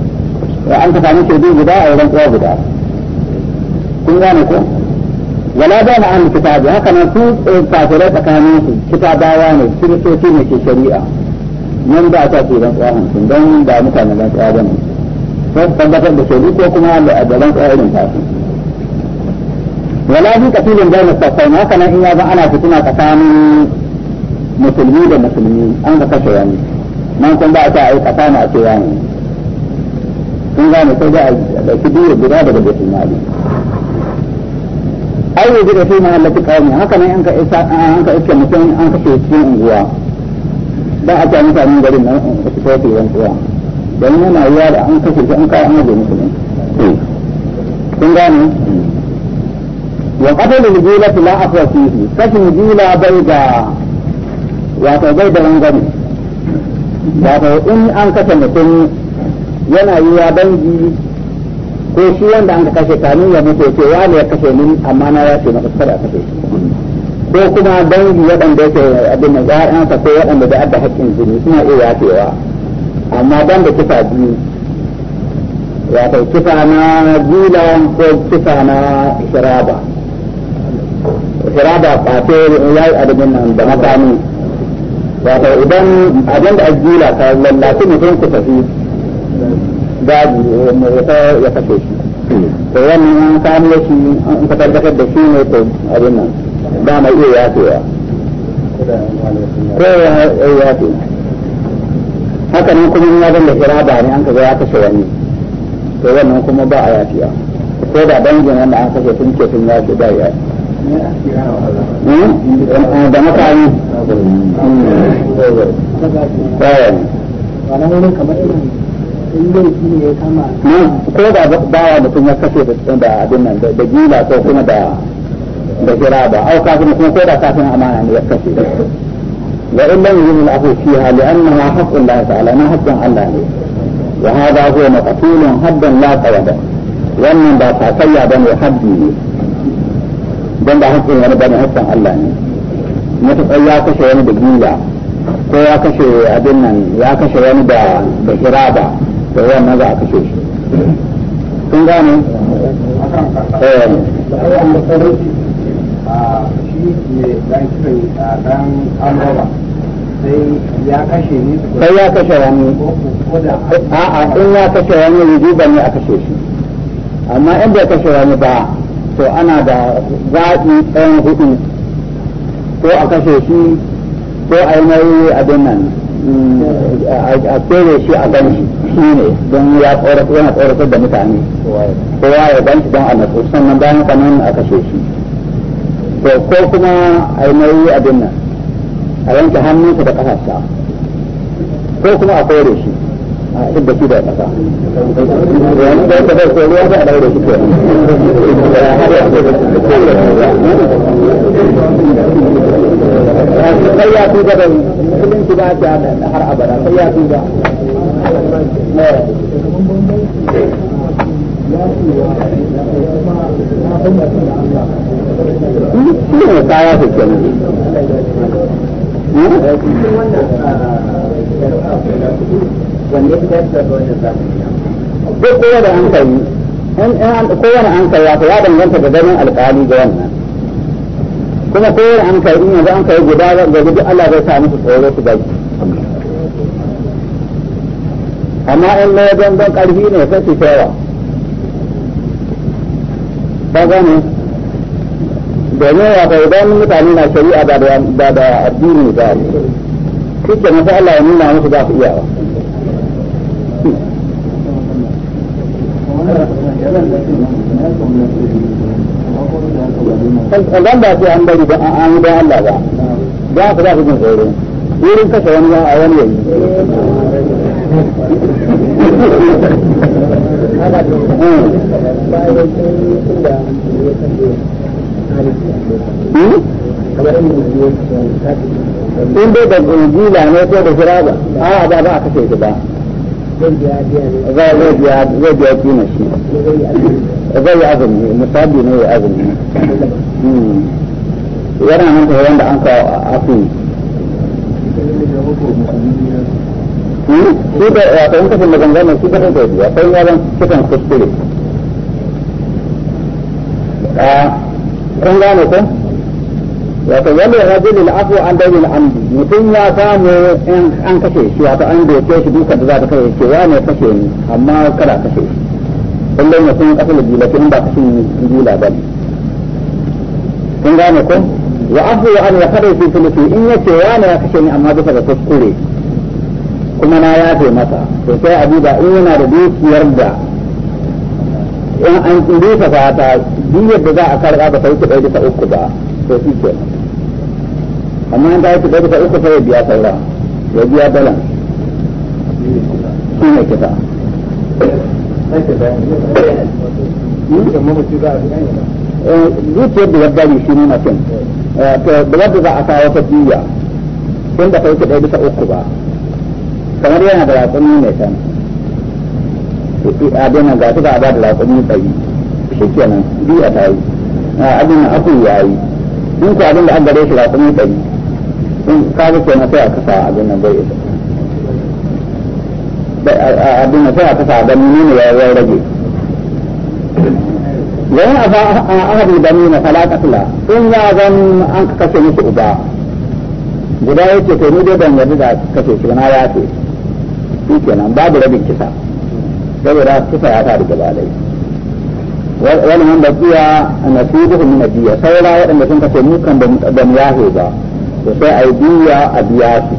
an ka sami shaidu guda a wurin kowa guda kun gane ko wala da na an kitabi haka nan su eh, kafirai tsakanin su kitabawa ne kiristoci ne ke shari'a nan ba ta ke ran tsawon sun don ba mutane ran tsawon ba ne sai tabbatar da shaidu ko kuma da ran tsawon irin tasu wala bi katilin da na tsafai haka nan in ya zan ana fitina tsakanin musulmi da musulmi an ga kashe wani nan kun ba ta aika kana a ce wani kun gane sai za a yi su biyu guda daga baitul mali ai yanzu da fi kawo ne haka ne. an ka isa an ka iske mutum an ka ce cikin unguwa ba a ce mutanen garin nan su kai su rantsuwa don yana yi da an kashe shi an kawo an su ne sun gane wa qatala al-jila la afwa fihi kashin jila bai da wato bai da rangwame wato in an kashe mutum yana yi wa dangi ko shi wanda an kashe kanun ya mutu ce wani ya kashe ni amma na ya ce na fuskara kashe ko kuma dangi waɗanda yake abin da ya'yansa ko waɗanda da adda haƙƙin jini suna iya yafewa amma ban da kifa biyu wato kifa na gila ko kifa na shiraba shiraba ba ta yi adadin nan da makami wato idan abin da ajiyar ka lallafi mutum ku tafi gadi ya kashe shi to wannan an samu shi an ka tabbatar da shi ne to abin nan ba mai iya yafewa ko ya yafe haka nan kuma ya zan da ba ne an ka ga ya kashe wani to wannan kuma ba a yafiya ko da dangin wanda an kashe ke sun yafe ba ya da ko da bawa mutum ya kashe da abin nan da gila ko kuma da da kira ba au kafin kuma ko da kafin amana ne ya kashe وإن لم يجد العفو فيها لأنها حق الله تعالى ما حق الله عليه وهذا هو مقتول حدا لا قيد ومن ذا تعطي بني حدي بن ذا حق ولا بني حق الله عليه متقي يا كشي يعني بجيلة ko ya kashe abin nan ya kashe wani da da hiraba to wannan za a kashe shi kun gane eh. sai ya kashe wani a'a in ya kashe wani wujuba ne a kashe shi amma in bai kashe wani ba to ana da zaɓi ɗayan hudu ko a kashe shi ko a yi mai abin nan mm, a kere shi a gan shi shi ne don ya tsoratar yana tsoratar da mutane kowa ya ganci don a nasu sannan bayan kanan a kashe shi to ko kuma a yi nauyi abin nan a yanke hannunsa da ƙasashe ko kuma a kore shi a duk da shi da ƙasa wani da yadda zai ruwa za a daure shi ke sai ya tuba da musulunci ba ta har abada sai ya tuba ne kaya duk da an kai kowane an kai wato ya danganta da ganin alkali da wannan kuma kowane an kai in yanzu an kai guda ga gudu Allah zai sa musu tsoro su gaji Ama ilmu yang jangan buat kali ini, saya si sewa. Bagaimana? Dengan yang saya dah minta ni nak cari ada ada ada di ni kan. Kita nampak Allah ini nama sudah siapa. Hmm. Kalau anda si anda di bawah ah, anda anda kan, dia sudah begini. Ia ini kesalahan yang awal ni. in dai da gila ne ko da kira ba a ba ba a kashe shi ba zai biya shi zai yi azumi ne ya azumi hmm. yana nan an kawo a afi shi da ya fahimta shi maganganar shi kasar da biya sai yaran cikin kuskure kun gane ko wato wani rajulil afu an dalil amdi mutum ya samu in an kashe shi wato an doke shi duka da za ta kashe shi ya ne kashe ni amma kada kashe shi kullum mutum kasar da jila kin ba kashin jila ba kun gane ko wa afu an ya kare shi in yace ya ne ya kashe ni amma bisa ga kuskure kuma na yafe masa to sai a duba in yana da dukiyar da in an rufe fata duk da za a karɓa ba sai kuɗai ta uku ba to shi ke amma in ta yi kuɗai ta uku sai ya biya saura ya biya dalan shi ne kita eh, zuciyar da ya bari shi nuna mutum eh, to da za a kawo ta jiya, sun da kai kuɗai bisa uku ba kamar yana da raƙumi mai a abin ga su ba da raƙumi bayi shi kenan biya ta yi abin aku ya yi in ku abin da an gare shi raƙumi ɗari in ka ga kenan sai a kasa abin nan bai abin nan sai a kasa abin nuna ya rage wani a ahadu da nuna fila in ya zan an kashe musu uba guda yake to ni dai ban da kashe shi na ya ce shi kenan babu rabin kisa saboda kisa ya faru gaba dai wani wanda kiya nasibuhu min adiya saura waɗanda sun kace mu kan ban yahe ba to sai ai biya a biya su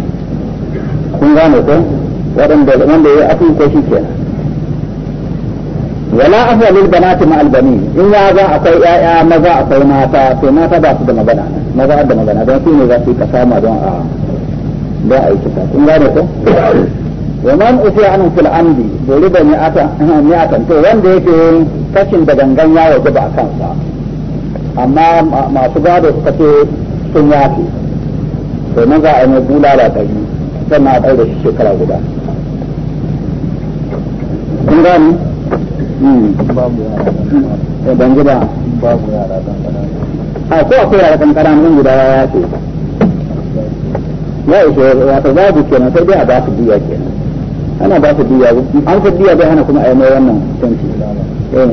kun gane ko waɗanda wanda ya afi ko shi kenan wala afwa lil banati ma al bani in ya ga akwai yaya maza akwai mata to mata ba su da magana maza da magana don su ne za su yi kasama don a don a yi kisa kun gane ko ومن أتي عنه في ni ata ni ata to wanda yake kashin da gangan ya waje ba sa amma masu gado suka ce sun yafe to nan za a yi bulala ta sannan sai na da shi shekara guda kun gani hmm. babu eh, ban ji ba a ko akwai yara kankana mun guda ya yafe ya ishe wato babu kenan sai dai a ba su biya kenan ana ba su diya an ka diya bai hana kuma a yi wannan na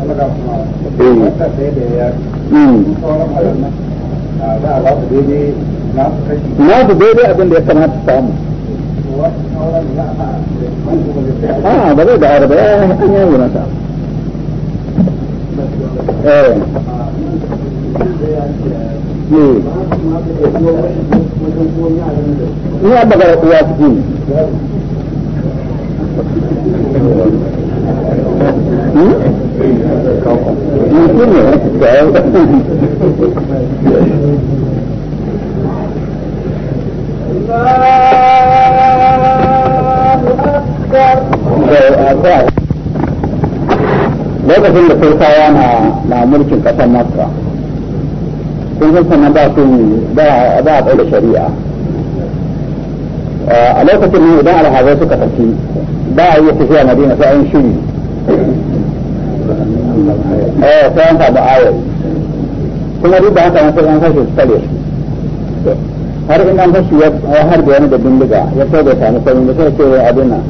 su daidai abin da ya kamata samu a ah, ba zai da arba ya yi eh. hmm. uwa su ne lokacin da turkawa na mulkin ƙasar makka sun san sannan ba sun ba a da shari'a a lokacin ne idan alhazai suka tafi ba yi tafiya madina sai an shiri eh sai an samu ayar kuma duk da haka an sai an kashe su tare har in an kashe ya har da wani da bindiga ya kai da sami sai da sai ce abin nan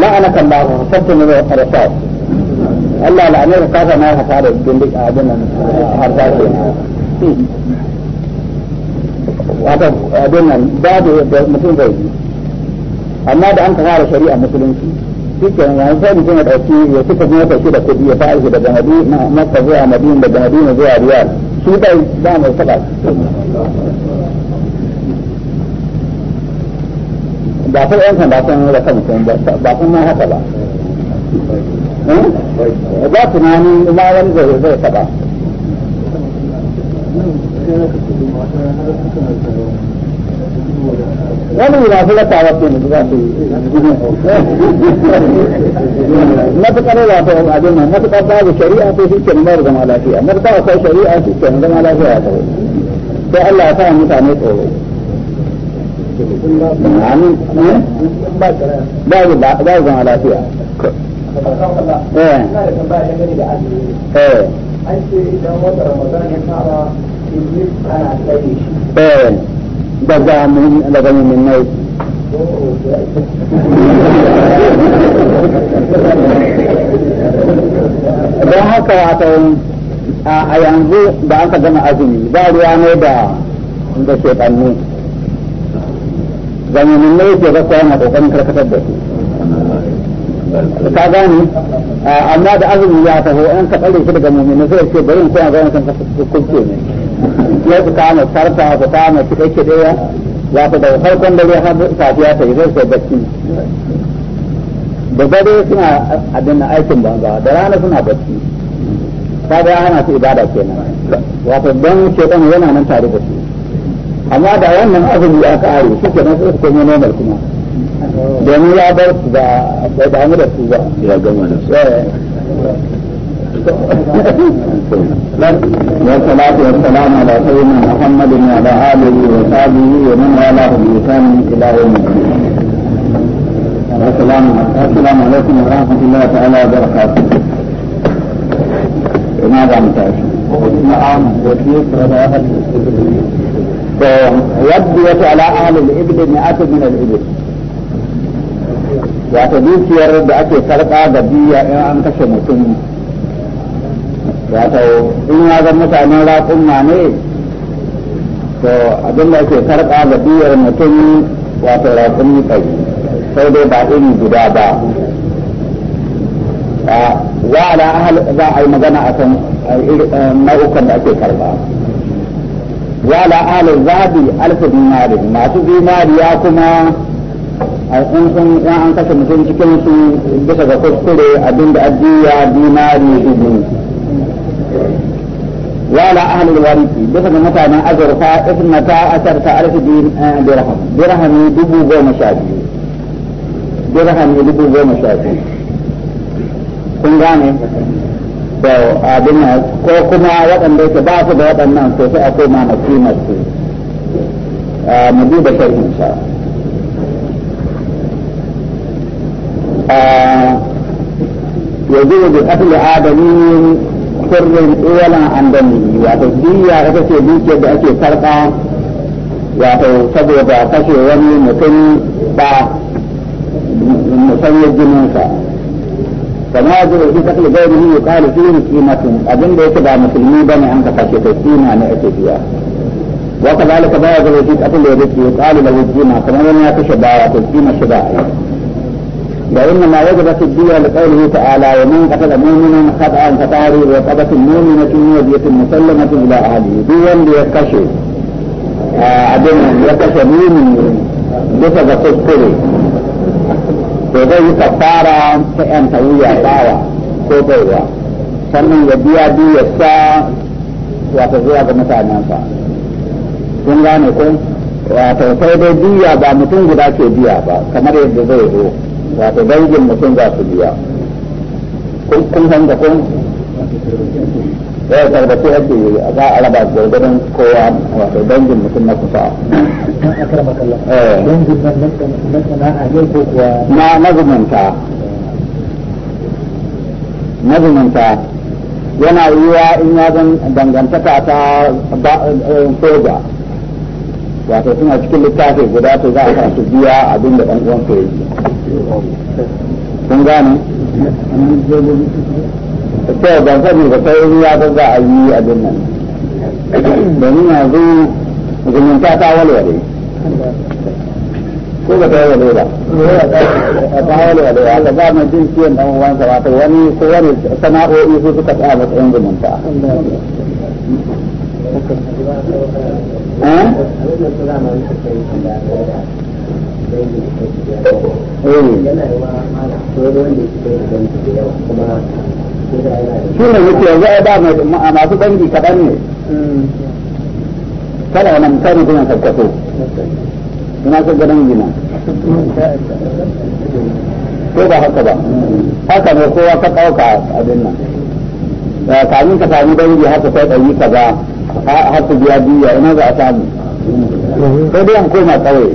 la'anaka Allah hasatta min al-rasas Allah la'anar ka ka ma hasara bindiga abin nan har da ke wato abin nan babu mutum zai yi amma da an ka fara shari'a musulunci shike yanzu sai mutum ya dauki ya cika ne ya da kudi ya fara shi daga Madina Makka zuwa Madina daga Madina zuwa Riyadh shi bai ba mai saba ba fa yan kan ba san da kan mutum ba kun ma haka ba eh ba tunani ma wani zai zai saba wani wulafula ta wasu ne za su yi matuƙar wata abin nan matuƙar babu shari'a ko shi kenan bayar zama lafiya matuƙar akwai shari'a shi kenan zama lafiya ya tsaro sai Allah ya sa mutane tsoro amin ba ba zama lafiya eh eh an ce idan wata ramadan ya fara iblis ana tsaye shi eh daga mun daga mun nai don haka wato a yanzu da aka gama azumi ba ruwa ne da da shekanni zamanin nai ke ga kwana kokarin karkatar da su ka gani amma da azumi ya taho an ka tsare shi daga mummuni sai ce bari in koya ga wancan kuskure ne ya su kama sarta ba kama kiɗe-kiɗe ya ya fi daga farkon dare har safiya ta yi sai sai bacci da dare suna abin aikin banza da rana suna bacci ta da hana su ibada kenan wato don ɗan yana nan tare da su amma da wannan azumi ya kare su ke nan su komo normal kuma domin ya bar su da bai damu da su ba ya gama da su eh. والصلاة والسلام على سيدنا محمد وعلى آله وصحبه ومن والاه بإحسان إلى يوم الدين. السلام عليكم ورحمة الله تعالى وبركاته. ماذا نتائج؟ نعم وكيف رضاها يبدو على أهل الإبل مئات من الإبل. wato يرد da ake karɓa da أنت in wato in ya ga mutanen raƙunma ne to abin da ke karɓa ga biyar mutum wato raƙun kai sai dai ba iri guda ba wa ala ahal za a yi magana a kan eh, nau'ukan da ake karɓa wa ala ahal zabi alfa dinari masu dinari ya kuma a in sun an kasa mutum cikin su bisa ga kuskure abin da ajiya dinari dubu ولا أهل الوريث بسم متانا أزرفا اثنتا عشرة آه، ألف درهم درهم دبو قوم شاكي درهم دبو قوم شاكي kun gane to abin ko kuma waɗanda yake ba su da waɗannan to sai a koma na kimar su mu duba sharhin sa يجوز قتل آدمي sirrin tsolan an dani wato diya ita ce dukiyar da ake karɓa wato saboda kashe wani mutum ba musanyar jininsa kama zuwa shi kasar gairi yi kalu fi yin kimatin abinda yake ba musulmi ba ne an ka kashe ta kima ne ake biya waka zalika baya zuwa shi kasar da yake kalu da kima kamar wani ya kashe baya ta kima shi ba a yi وإنما وجبت الدية لقوله تعالى ومن قتل مؤمنا خطأ فطاري وقبت المؤمنة ودية مسلمة إلى أهله ديا ليكشف آه، عدم يكشف مؤمن بس بتذكري فإذا يتطارا فإن تويا طارا كوبوا سمي يديا دي يسا وتزوى بمتاع نانسا كن غاني كن وتوفيد ديا با متنجدا كي ديا با كمريد بذيه wato dangin mutum za su biya kun san da kun ya tarbace ake za a raba gwargwadon kowa wato dangin mutum na kusa eh. na mazumunta mazumunta yana yiwa in ya zan dangantaka ta eh, soja wato suna cikin littafi guda to za a su biya abin da ɗan uwan yi သင်္ကန်းအကျတော့ဆက်ပြီးသေရီယာဒုက္ခအကြီးအပြင်းနဲ့ဘယ်နည်းကသူကငင်ကြတာဝလို့ရတယ်ကိုယ်ကတော့လို့လားအပါရလို့လားအပါမသိကျင်းတော်ဝန်ဆိုတာတဝနီကိုယ်ရစနာအိုဤစုကတာမတင်ဘူးမှာဟမ် shine yake yanzu a ba mai masu dangi kaɗan ne kada wani mutane kuna tabbato ina ka ganin gina ko ba haka ba haka ne kowa ka ɗauka abin nan kamin ka sami dangi haka sai ɗari ka ba har su biya biya ina za a samu sai dai an koma ƙauye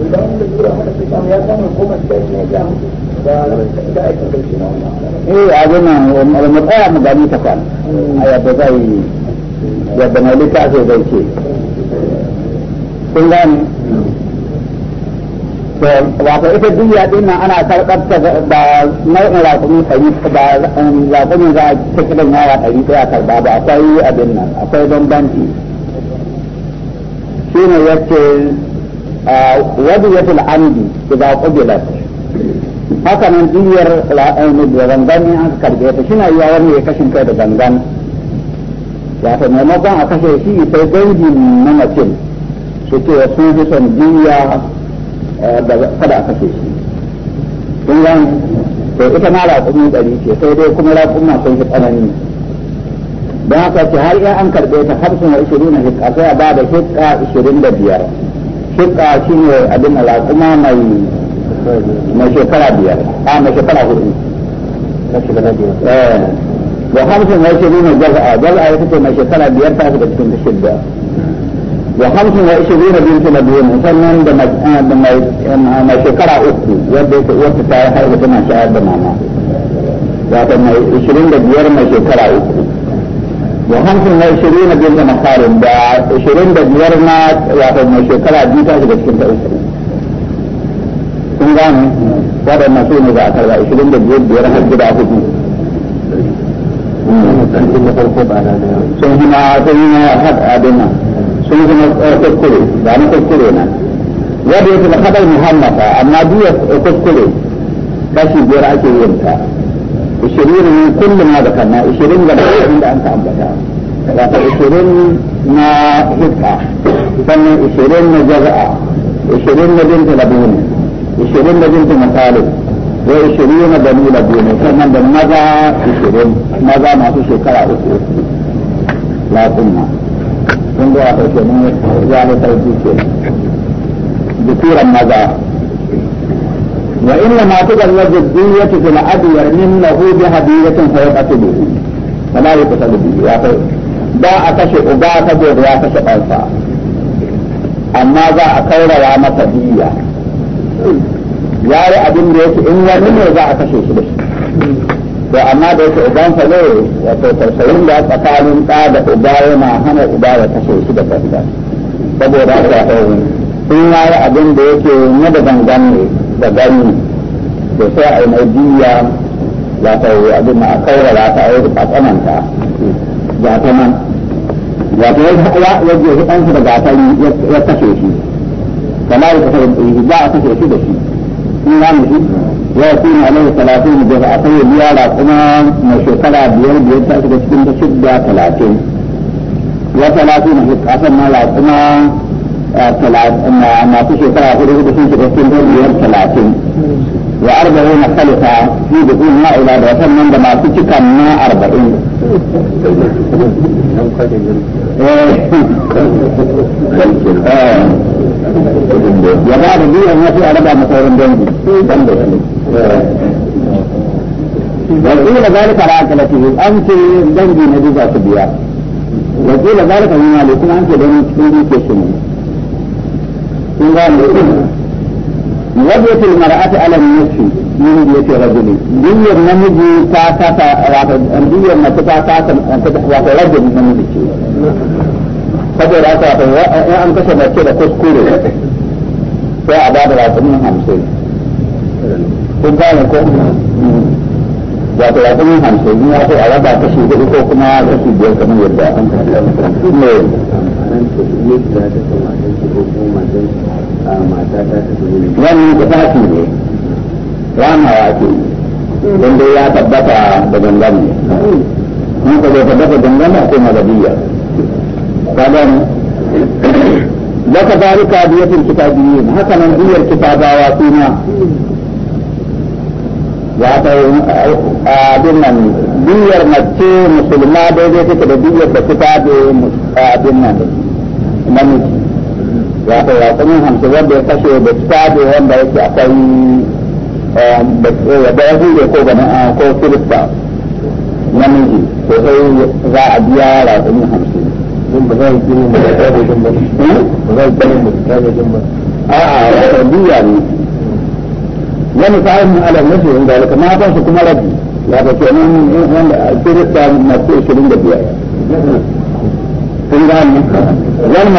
idan da jura mana su samu ya samu ne ya mutu da aikin na wannan eh abin nan almatsaya eh, mu gani ta zai mai littafi zai ce kun wato ita duniya din nan ana karɓarta da nau'in raƙumi da um, za a ta kiran yara ɗari ɗaya karɓa ba akwai abin nan akwai bambanci shi ne wadiyatul amdi idza qubilat haka nan diyar la'ayin da gangan ne an karbe ta shi na yi wani ya kashin kai da gangan wato maimakon a kashe shi sai dangin na mutum su ce sun fi son diya da kada a kashe shi kun gani to ita ma raƙumi ɗari ce sai dai kuma raƙuma sun fi tsanani don haka ce har iya an karbe ta hamsin wa ishirin na hikka sai a ba da hikka ishirin da biyar shika shi ne abin alaƙuma mai mai shekara biyar a mai shekara hudu da hamsin wai shi ne jaza'a jaza'a ya fito mai shekara biyar ta da cikin shidda da hamsin wa ishirin da biyu tana biyu musamman da mai shekara uku yadda ya wata ta yi har tana shayar da mama wato mai ishirin da biyar mai shekara uku wa hamsin na ishirin na biyar da makarin da ishirin na wato mai shekara biyu ta shiga cikin ta uku kun gane su ne za a karɓa ishirin biyar har gida hudu sun hina sun hina haɗa abin nan sun hina kuskure ba na kuskure na yadda yake da haɗar muhammad amma biyar kuskure kashi biyar ake yin ta 20 من كل ما ذكرنا 20 قبل عند أن تعبدها وفي 20 ما حفظها ثم 20 جزاء 20 بنت لبون 20 بنت مطالب وعشرين بني لبون ثم بالمدى 20 ماذا ما في شكرا أخوة لا كنا كنت أخوة ذلك الجيش ذكورا ماذا وإنما تقلد الدية في العدل منه بهدية فيقتله فلا يقتل به wato da a kashe uba saboda ya kashe ɗansa amma za a kaurawa masa diya ya yi abin da yake in wani za a kashe shi da shi to amma da yake ubansa ya wato tausayin da tsakanin ɗa da uba yana hana uba kashe da kansa saboda in ya yi abin da yake na da gangan ne da gani da sai a yi mai biya ya ta yi abin na a ya ta yi a tsananta ya ta nan ya ta yi haɗuwa ya je shi ɗansu da gatari ya kashe shi kama ya kashe shi za a kashe shi da shi in ya mutu ya fi kuma alaihi talatin da a kai da kuma mai shekara biyar biyar ta shiga cikin da shidda talatin ya talatin a kasan mala kuma آه، ثلاثين ما فيش ثلاثة يريد بسين ثلاثين يوم ثلاثين وأربعين خلفة يدخل ما إلى الرسل من دماغ فيش كان ما أربعين يبقى إيه. أن في أربع مصورين دنجي وقيل ذلك على عقلته انت دنجي نجيزه في الديار وقيل ذلك على عقلته انت دنجي نجيزه في وجهة المرأة على النصف من وجهة رجل دية نمجي تاسا دية ما تاسا واتو رجل نمجي saboda haka in an kashe mace da kuskure sai a ba da rakumin hamsin kun gane ko Jadi apa ni hantu ni apa ala dah kasi dia ikut kena kasi dia kena ya dah. Ini dan kita hati ni lama hati dan dia tak baca dengan dia ni kalau dia tak baca dengan dia aku ada dia kadang dari [coughs] kajian pun kita dengar. Hanya dia yang kita bawa tina, ya kai abin nan biyar mace musulma daidai take da biyar da fita da abin nan namiji ya kai ya kuma hamsin wanda ya kashe da fita da wanda yake akwai ya da ya ko ganin a ko kirista namiji sai za a biya hamsin. Ba za a yi gini mai tsada da jin ba. Hmm? Ba za a yi gini ba. biya ne. wani sa'ar mu ala nafi in da alaka mata su kuma rabi ya ga ke nan wanda a cikin da masu ishirin da biyar sun ga ni wani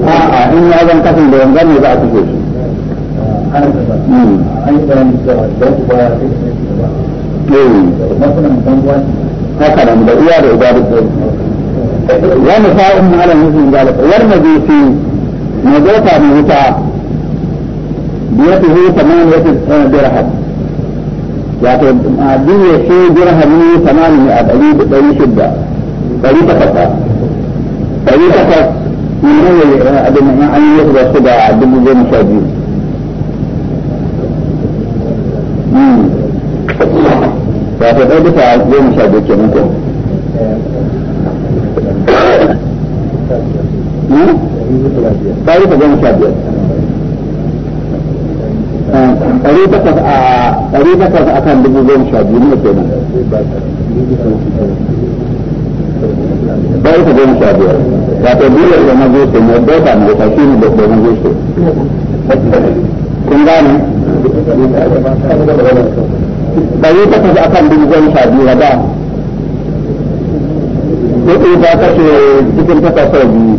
ma a a in ya zan kafin da wanda ne za a fito shi haka da mu da iya da uba da tsoro ونساء على المسلم ذلك والنبي في موضوع موسى بيته ثمانية درهم لكن يعني دي شيء درهم ثمانية بلي بلي شدة بلي تقطع بلي تقطع من هو أدم أن يخبر صدى أدم بن شاجين لكن أدفع بن شاجين كمكم ɗari da goma sha biyar ɗari takwas a ɗari takwas a kan dubu goma sha biyu ne kenan ɗari goma sha biyar wato biyar da na ne ba mai kashi ne da na kun gane ɗari takwas a kan dubu goma sha biyu ba kashe cikin takwas biyu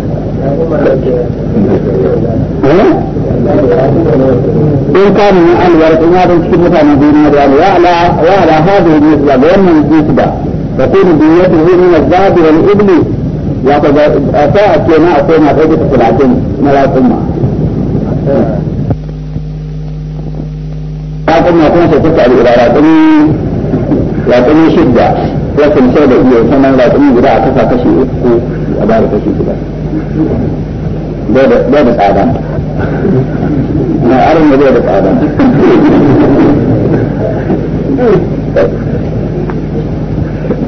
إن كان من أنور ما بين مثلا دين وعلى وعلى هذه النسبة لأن النسبة تكون بنيته من الذهب والإبل وأتاءت لما أتينا فوجد سبعتين ملاكمة لكن يكون إلى لإباراتني لكن شدة لكن شدة هي كما لكن بدأت كفى كشي أبارك شيء كذا dia ada sahabat Nah, ada yang ada sahabat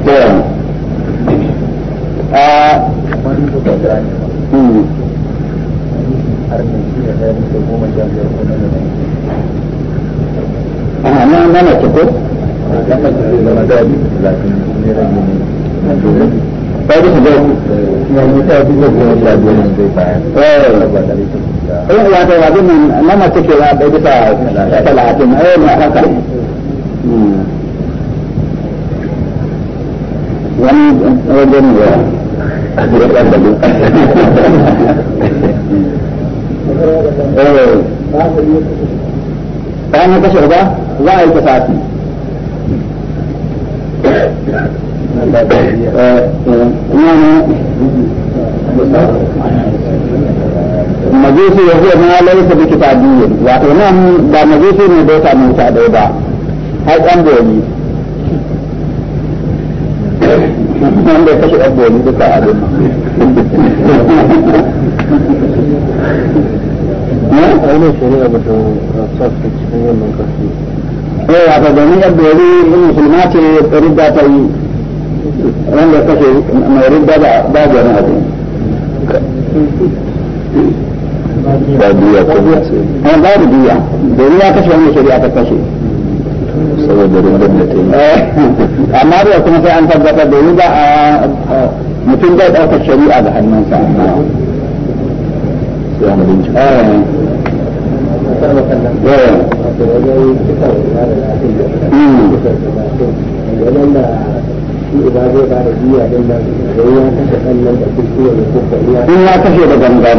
Tuan ah, hmm. ah, mana mana cukup? Ah, mana cukup? Ah, mana cukup? Tapi sudah yang kita juga boleh belajar dengan kita. Eh, lagi lagi nama cikgu apa kita? Kita lagi nama lah, lah, eh macam apa? Yang lagi ni ya, dia kan dulu. Eh, tanya ke siapa? Wah, itu sahaja. مجوسی مدسوی ہے نیال کتاب لوگ ہونا مجوسی میں ہر کم بولی ہم ڈو سام چاہے بات امبولی سب کچھ ابھی ہوا کے wanda ya kashe mai rubda ba ba da wani abu ba biya ko ba eh, ba da biya domin ya kashe wanda shari'a ta kashe saboda rubda da ta yi eh, amma da kuma sai an tabbatar domin ba a mutum zai ɗaukar shari'a da hannunsa sai mu bincika eh. shi ba zai ba da biya din da ya kashe kannan da kuskure da kuskure in ya kashe da gangan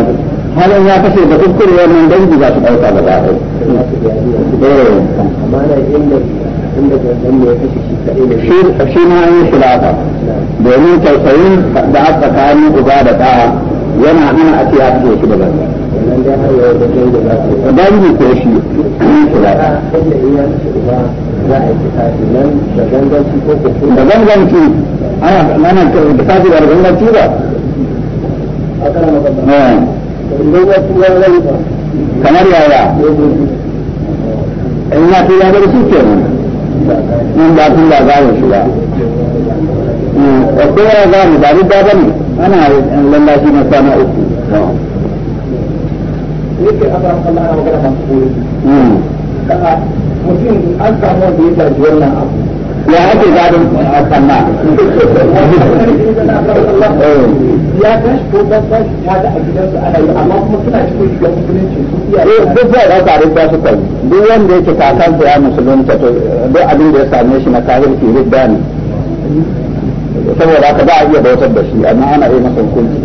halin ya kashe da kuskure wannan dangi za su ɗauka da zaɓe. Eh, amma na inda inda gangan ne ya kashe shi kaɗai da shi ma an yi domin tausayin da aka tsakanin uba da ɗaya yana hana a ce ya fito shi daga bayan ne ko shi da ganganci ana mana da tafi da ganganci ba eh. kamar yaya in na tura da su ke nan ba tun da zawo shi ba ko ya zamu ba da ba ne ana lallashi na kwana uku yake a kan Allah magana masu daga mutum an samu wanda ya wannan abu ya ake a eh. ya tashi ko tashi da a gidansu ana yi amma kuma suna musulunci su iya eh, duk zai ba su duk wanda yake kakansa ya musulunta to eh, duk abin da ya same shi na kafirci saboda haka ba a iya bautar da shi amma ana yi masa hukunci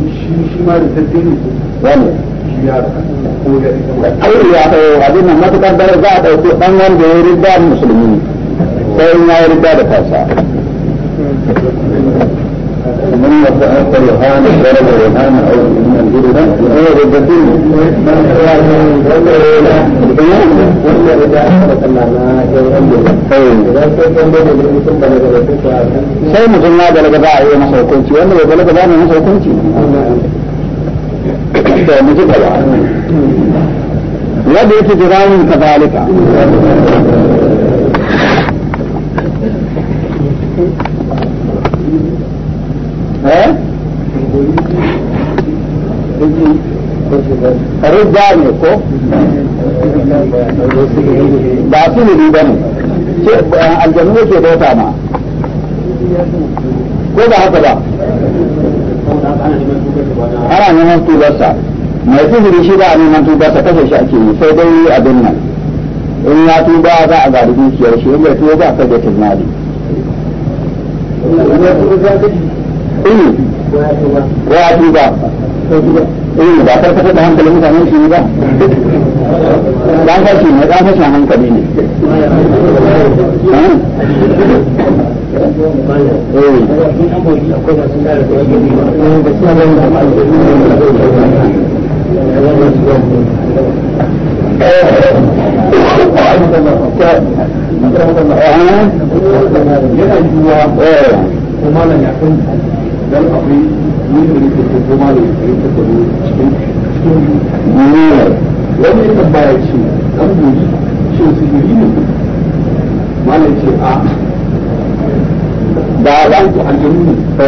shi ma da tattini wani aure ya kawo abin nan matukar dare za a ɗauki ɗan wanda ya rida musulmi sai ya rida da kansa من وقعت يوحنا ضرب يوحنا او من الجبنه هو بالدين sai mutum ya balaga ba a yi masa hukunci wanda bai balaga ba ne masa hukunci da mutu gaba wadda yake jiranin kazalika Eh? rujja ne ko ba su ne ba ne aljanu ne ke bauta ma ko ba haka ba ana neman tubarsa mai sihiri shi ba a neman tubarsa kashe shi ake yi sai dai abin nan in ya tuba za a gari dukiyar shi in bai tuba ba kai da tunani واجبة ba farfasa da hankalin mutanen shi ba ba fashi ne ba fashi hankali ne yana yiwuwa kuma na yakin dan akwai wani da yake ko kuma da yake ta da cikin cikin wani ya tambaya ce dan gobe shi su yi ne malai ce a da ran ku aljuru ne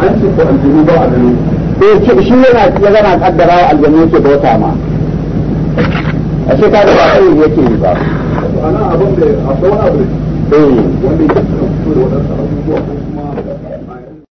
an ce ko aljuru ba aljuru ce eh, shi yana yana kaddara aljanu ke bauta ma a ce ka da ba kai yake yi ba ana abin da akwai wani abu da eh. wanda yake da wadansu abubuwa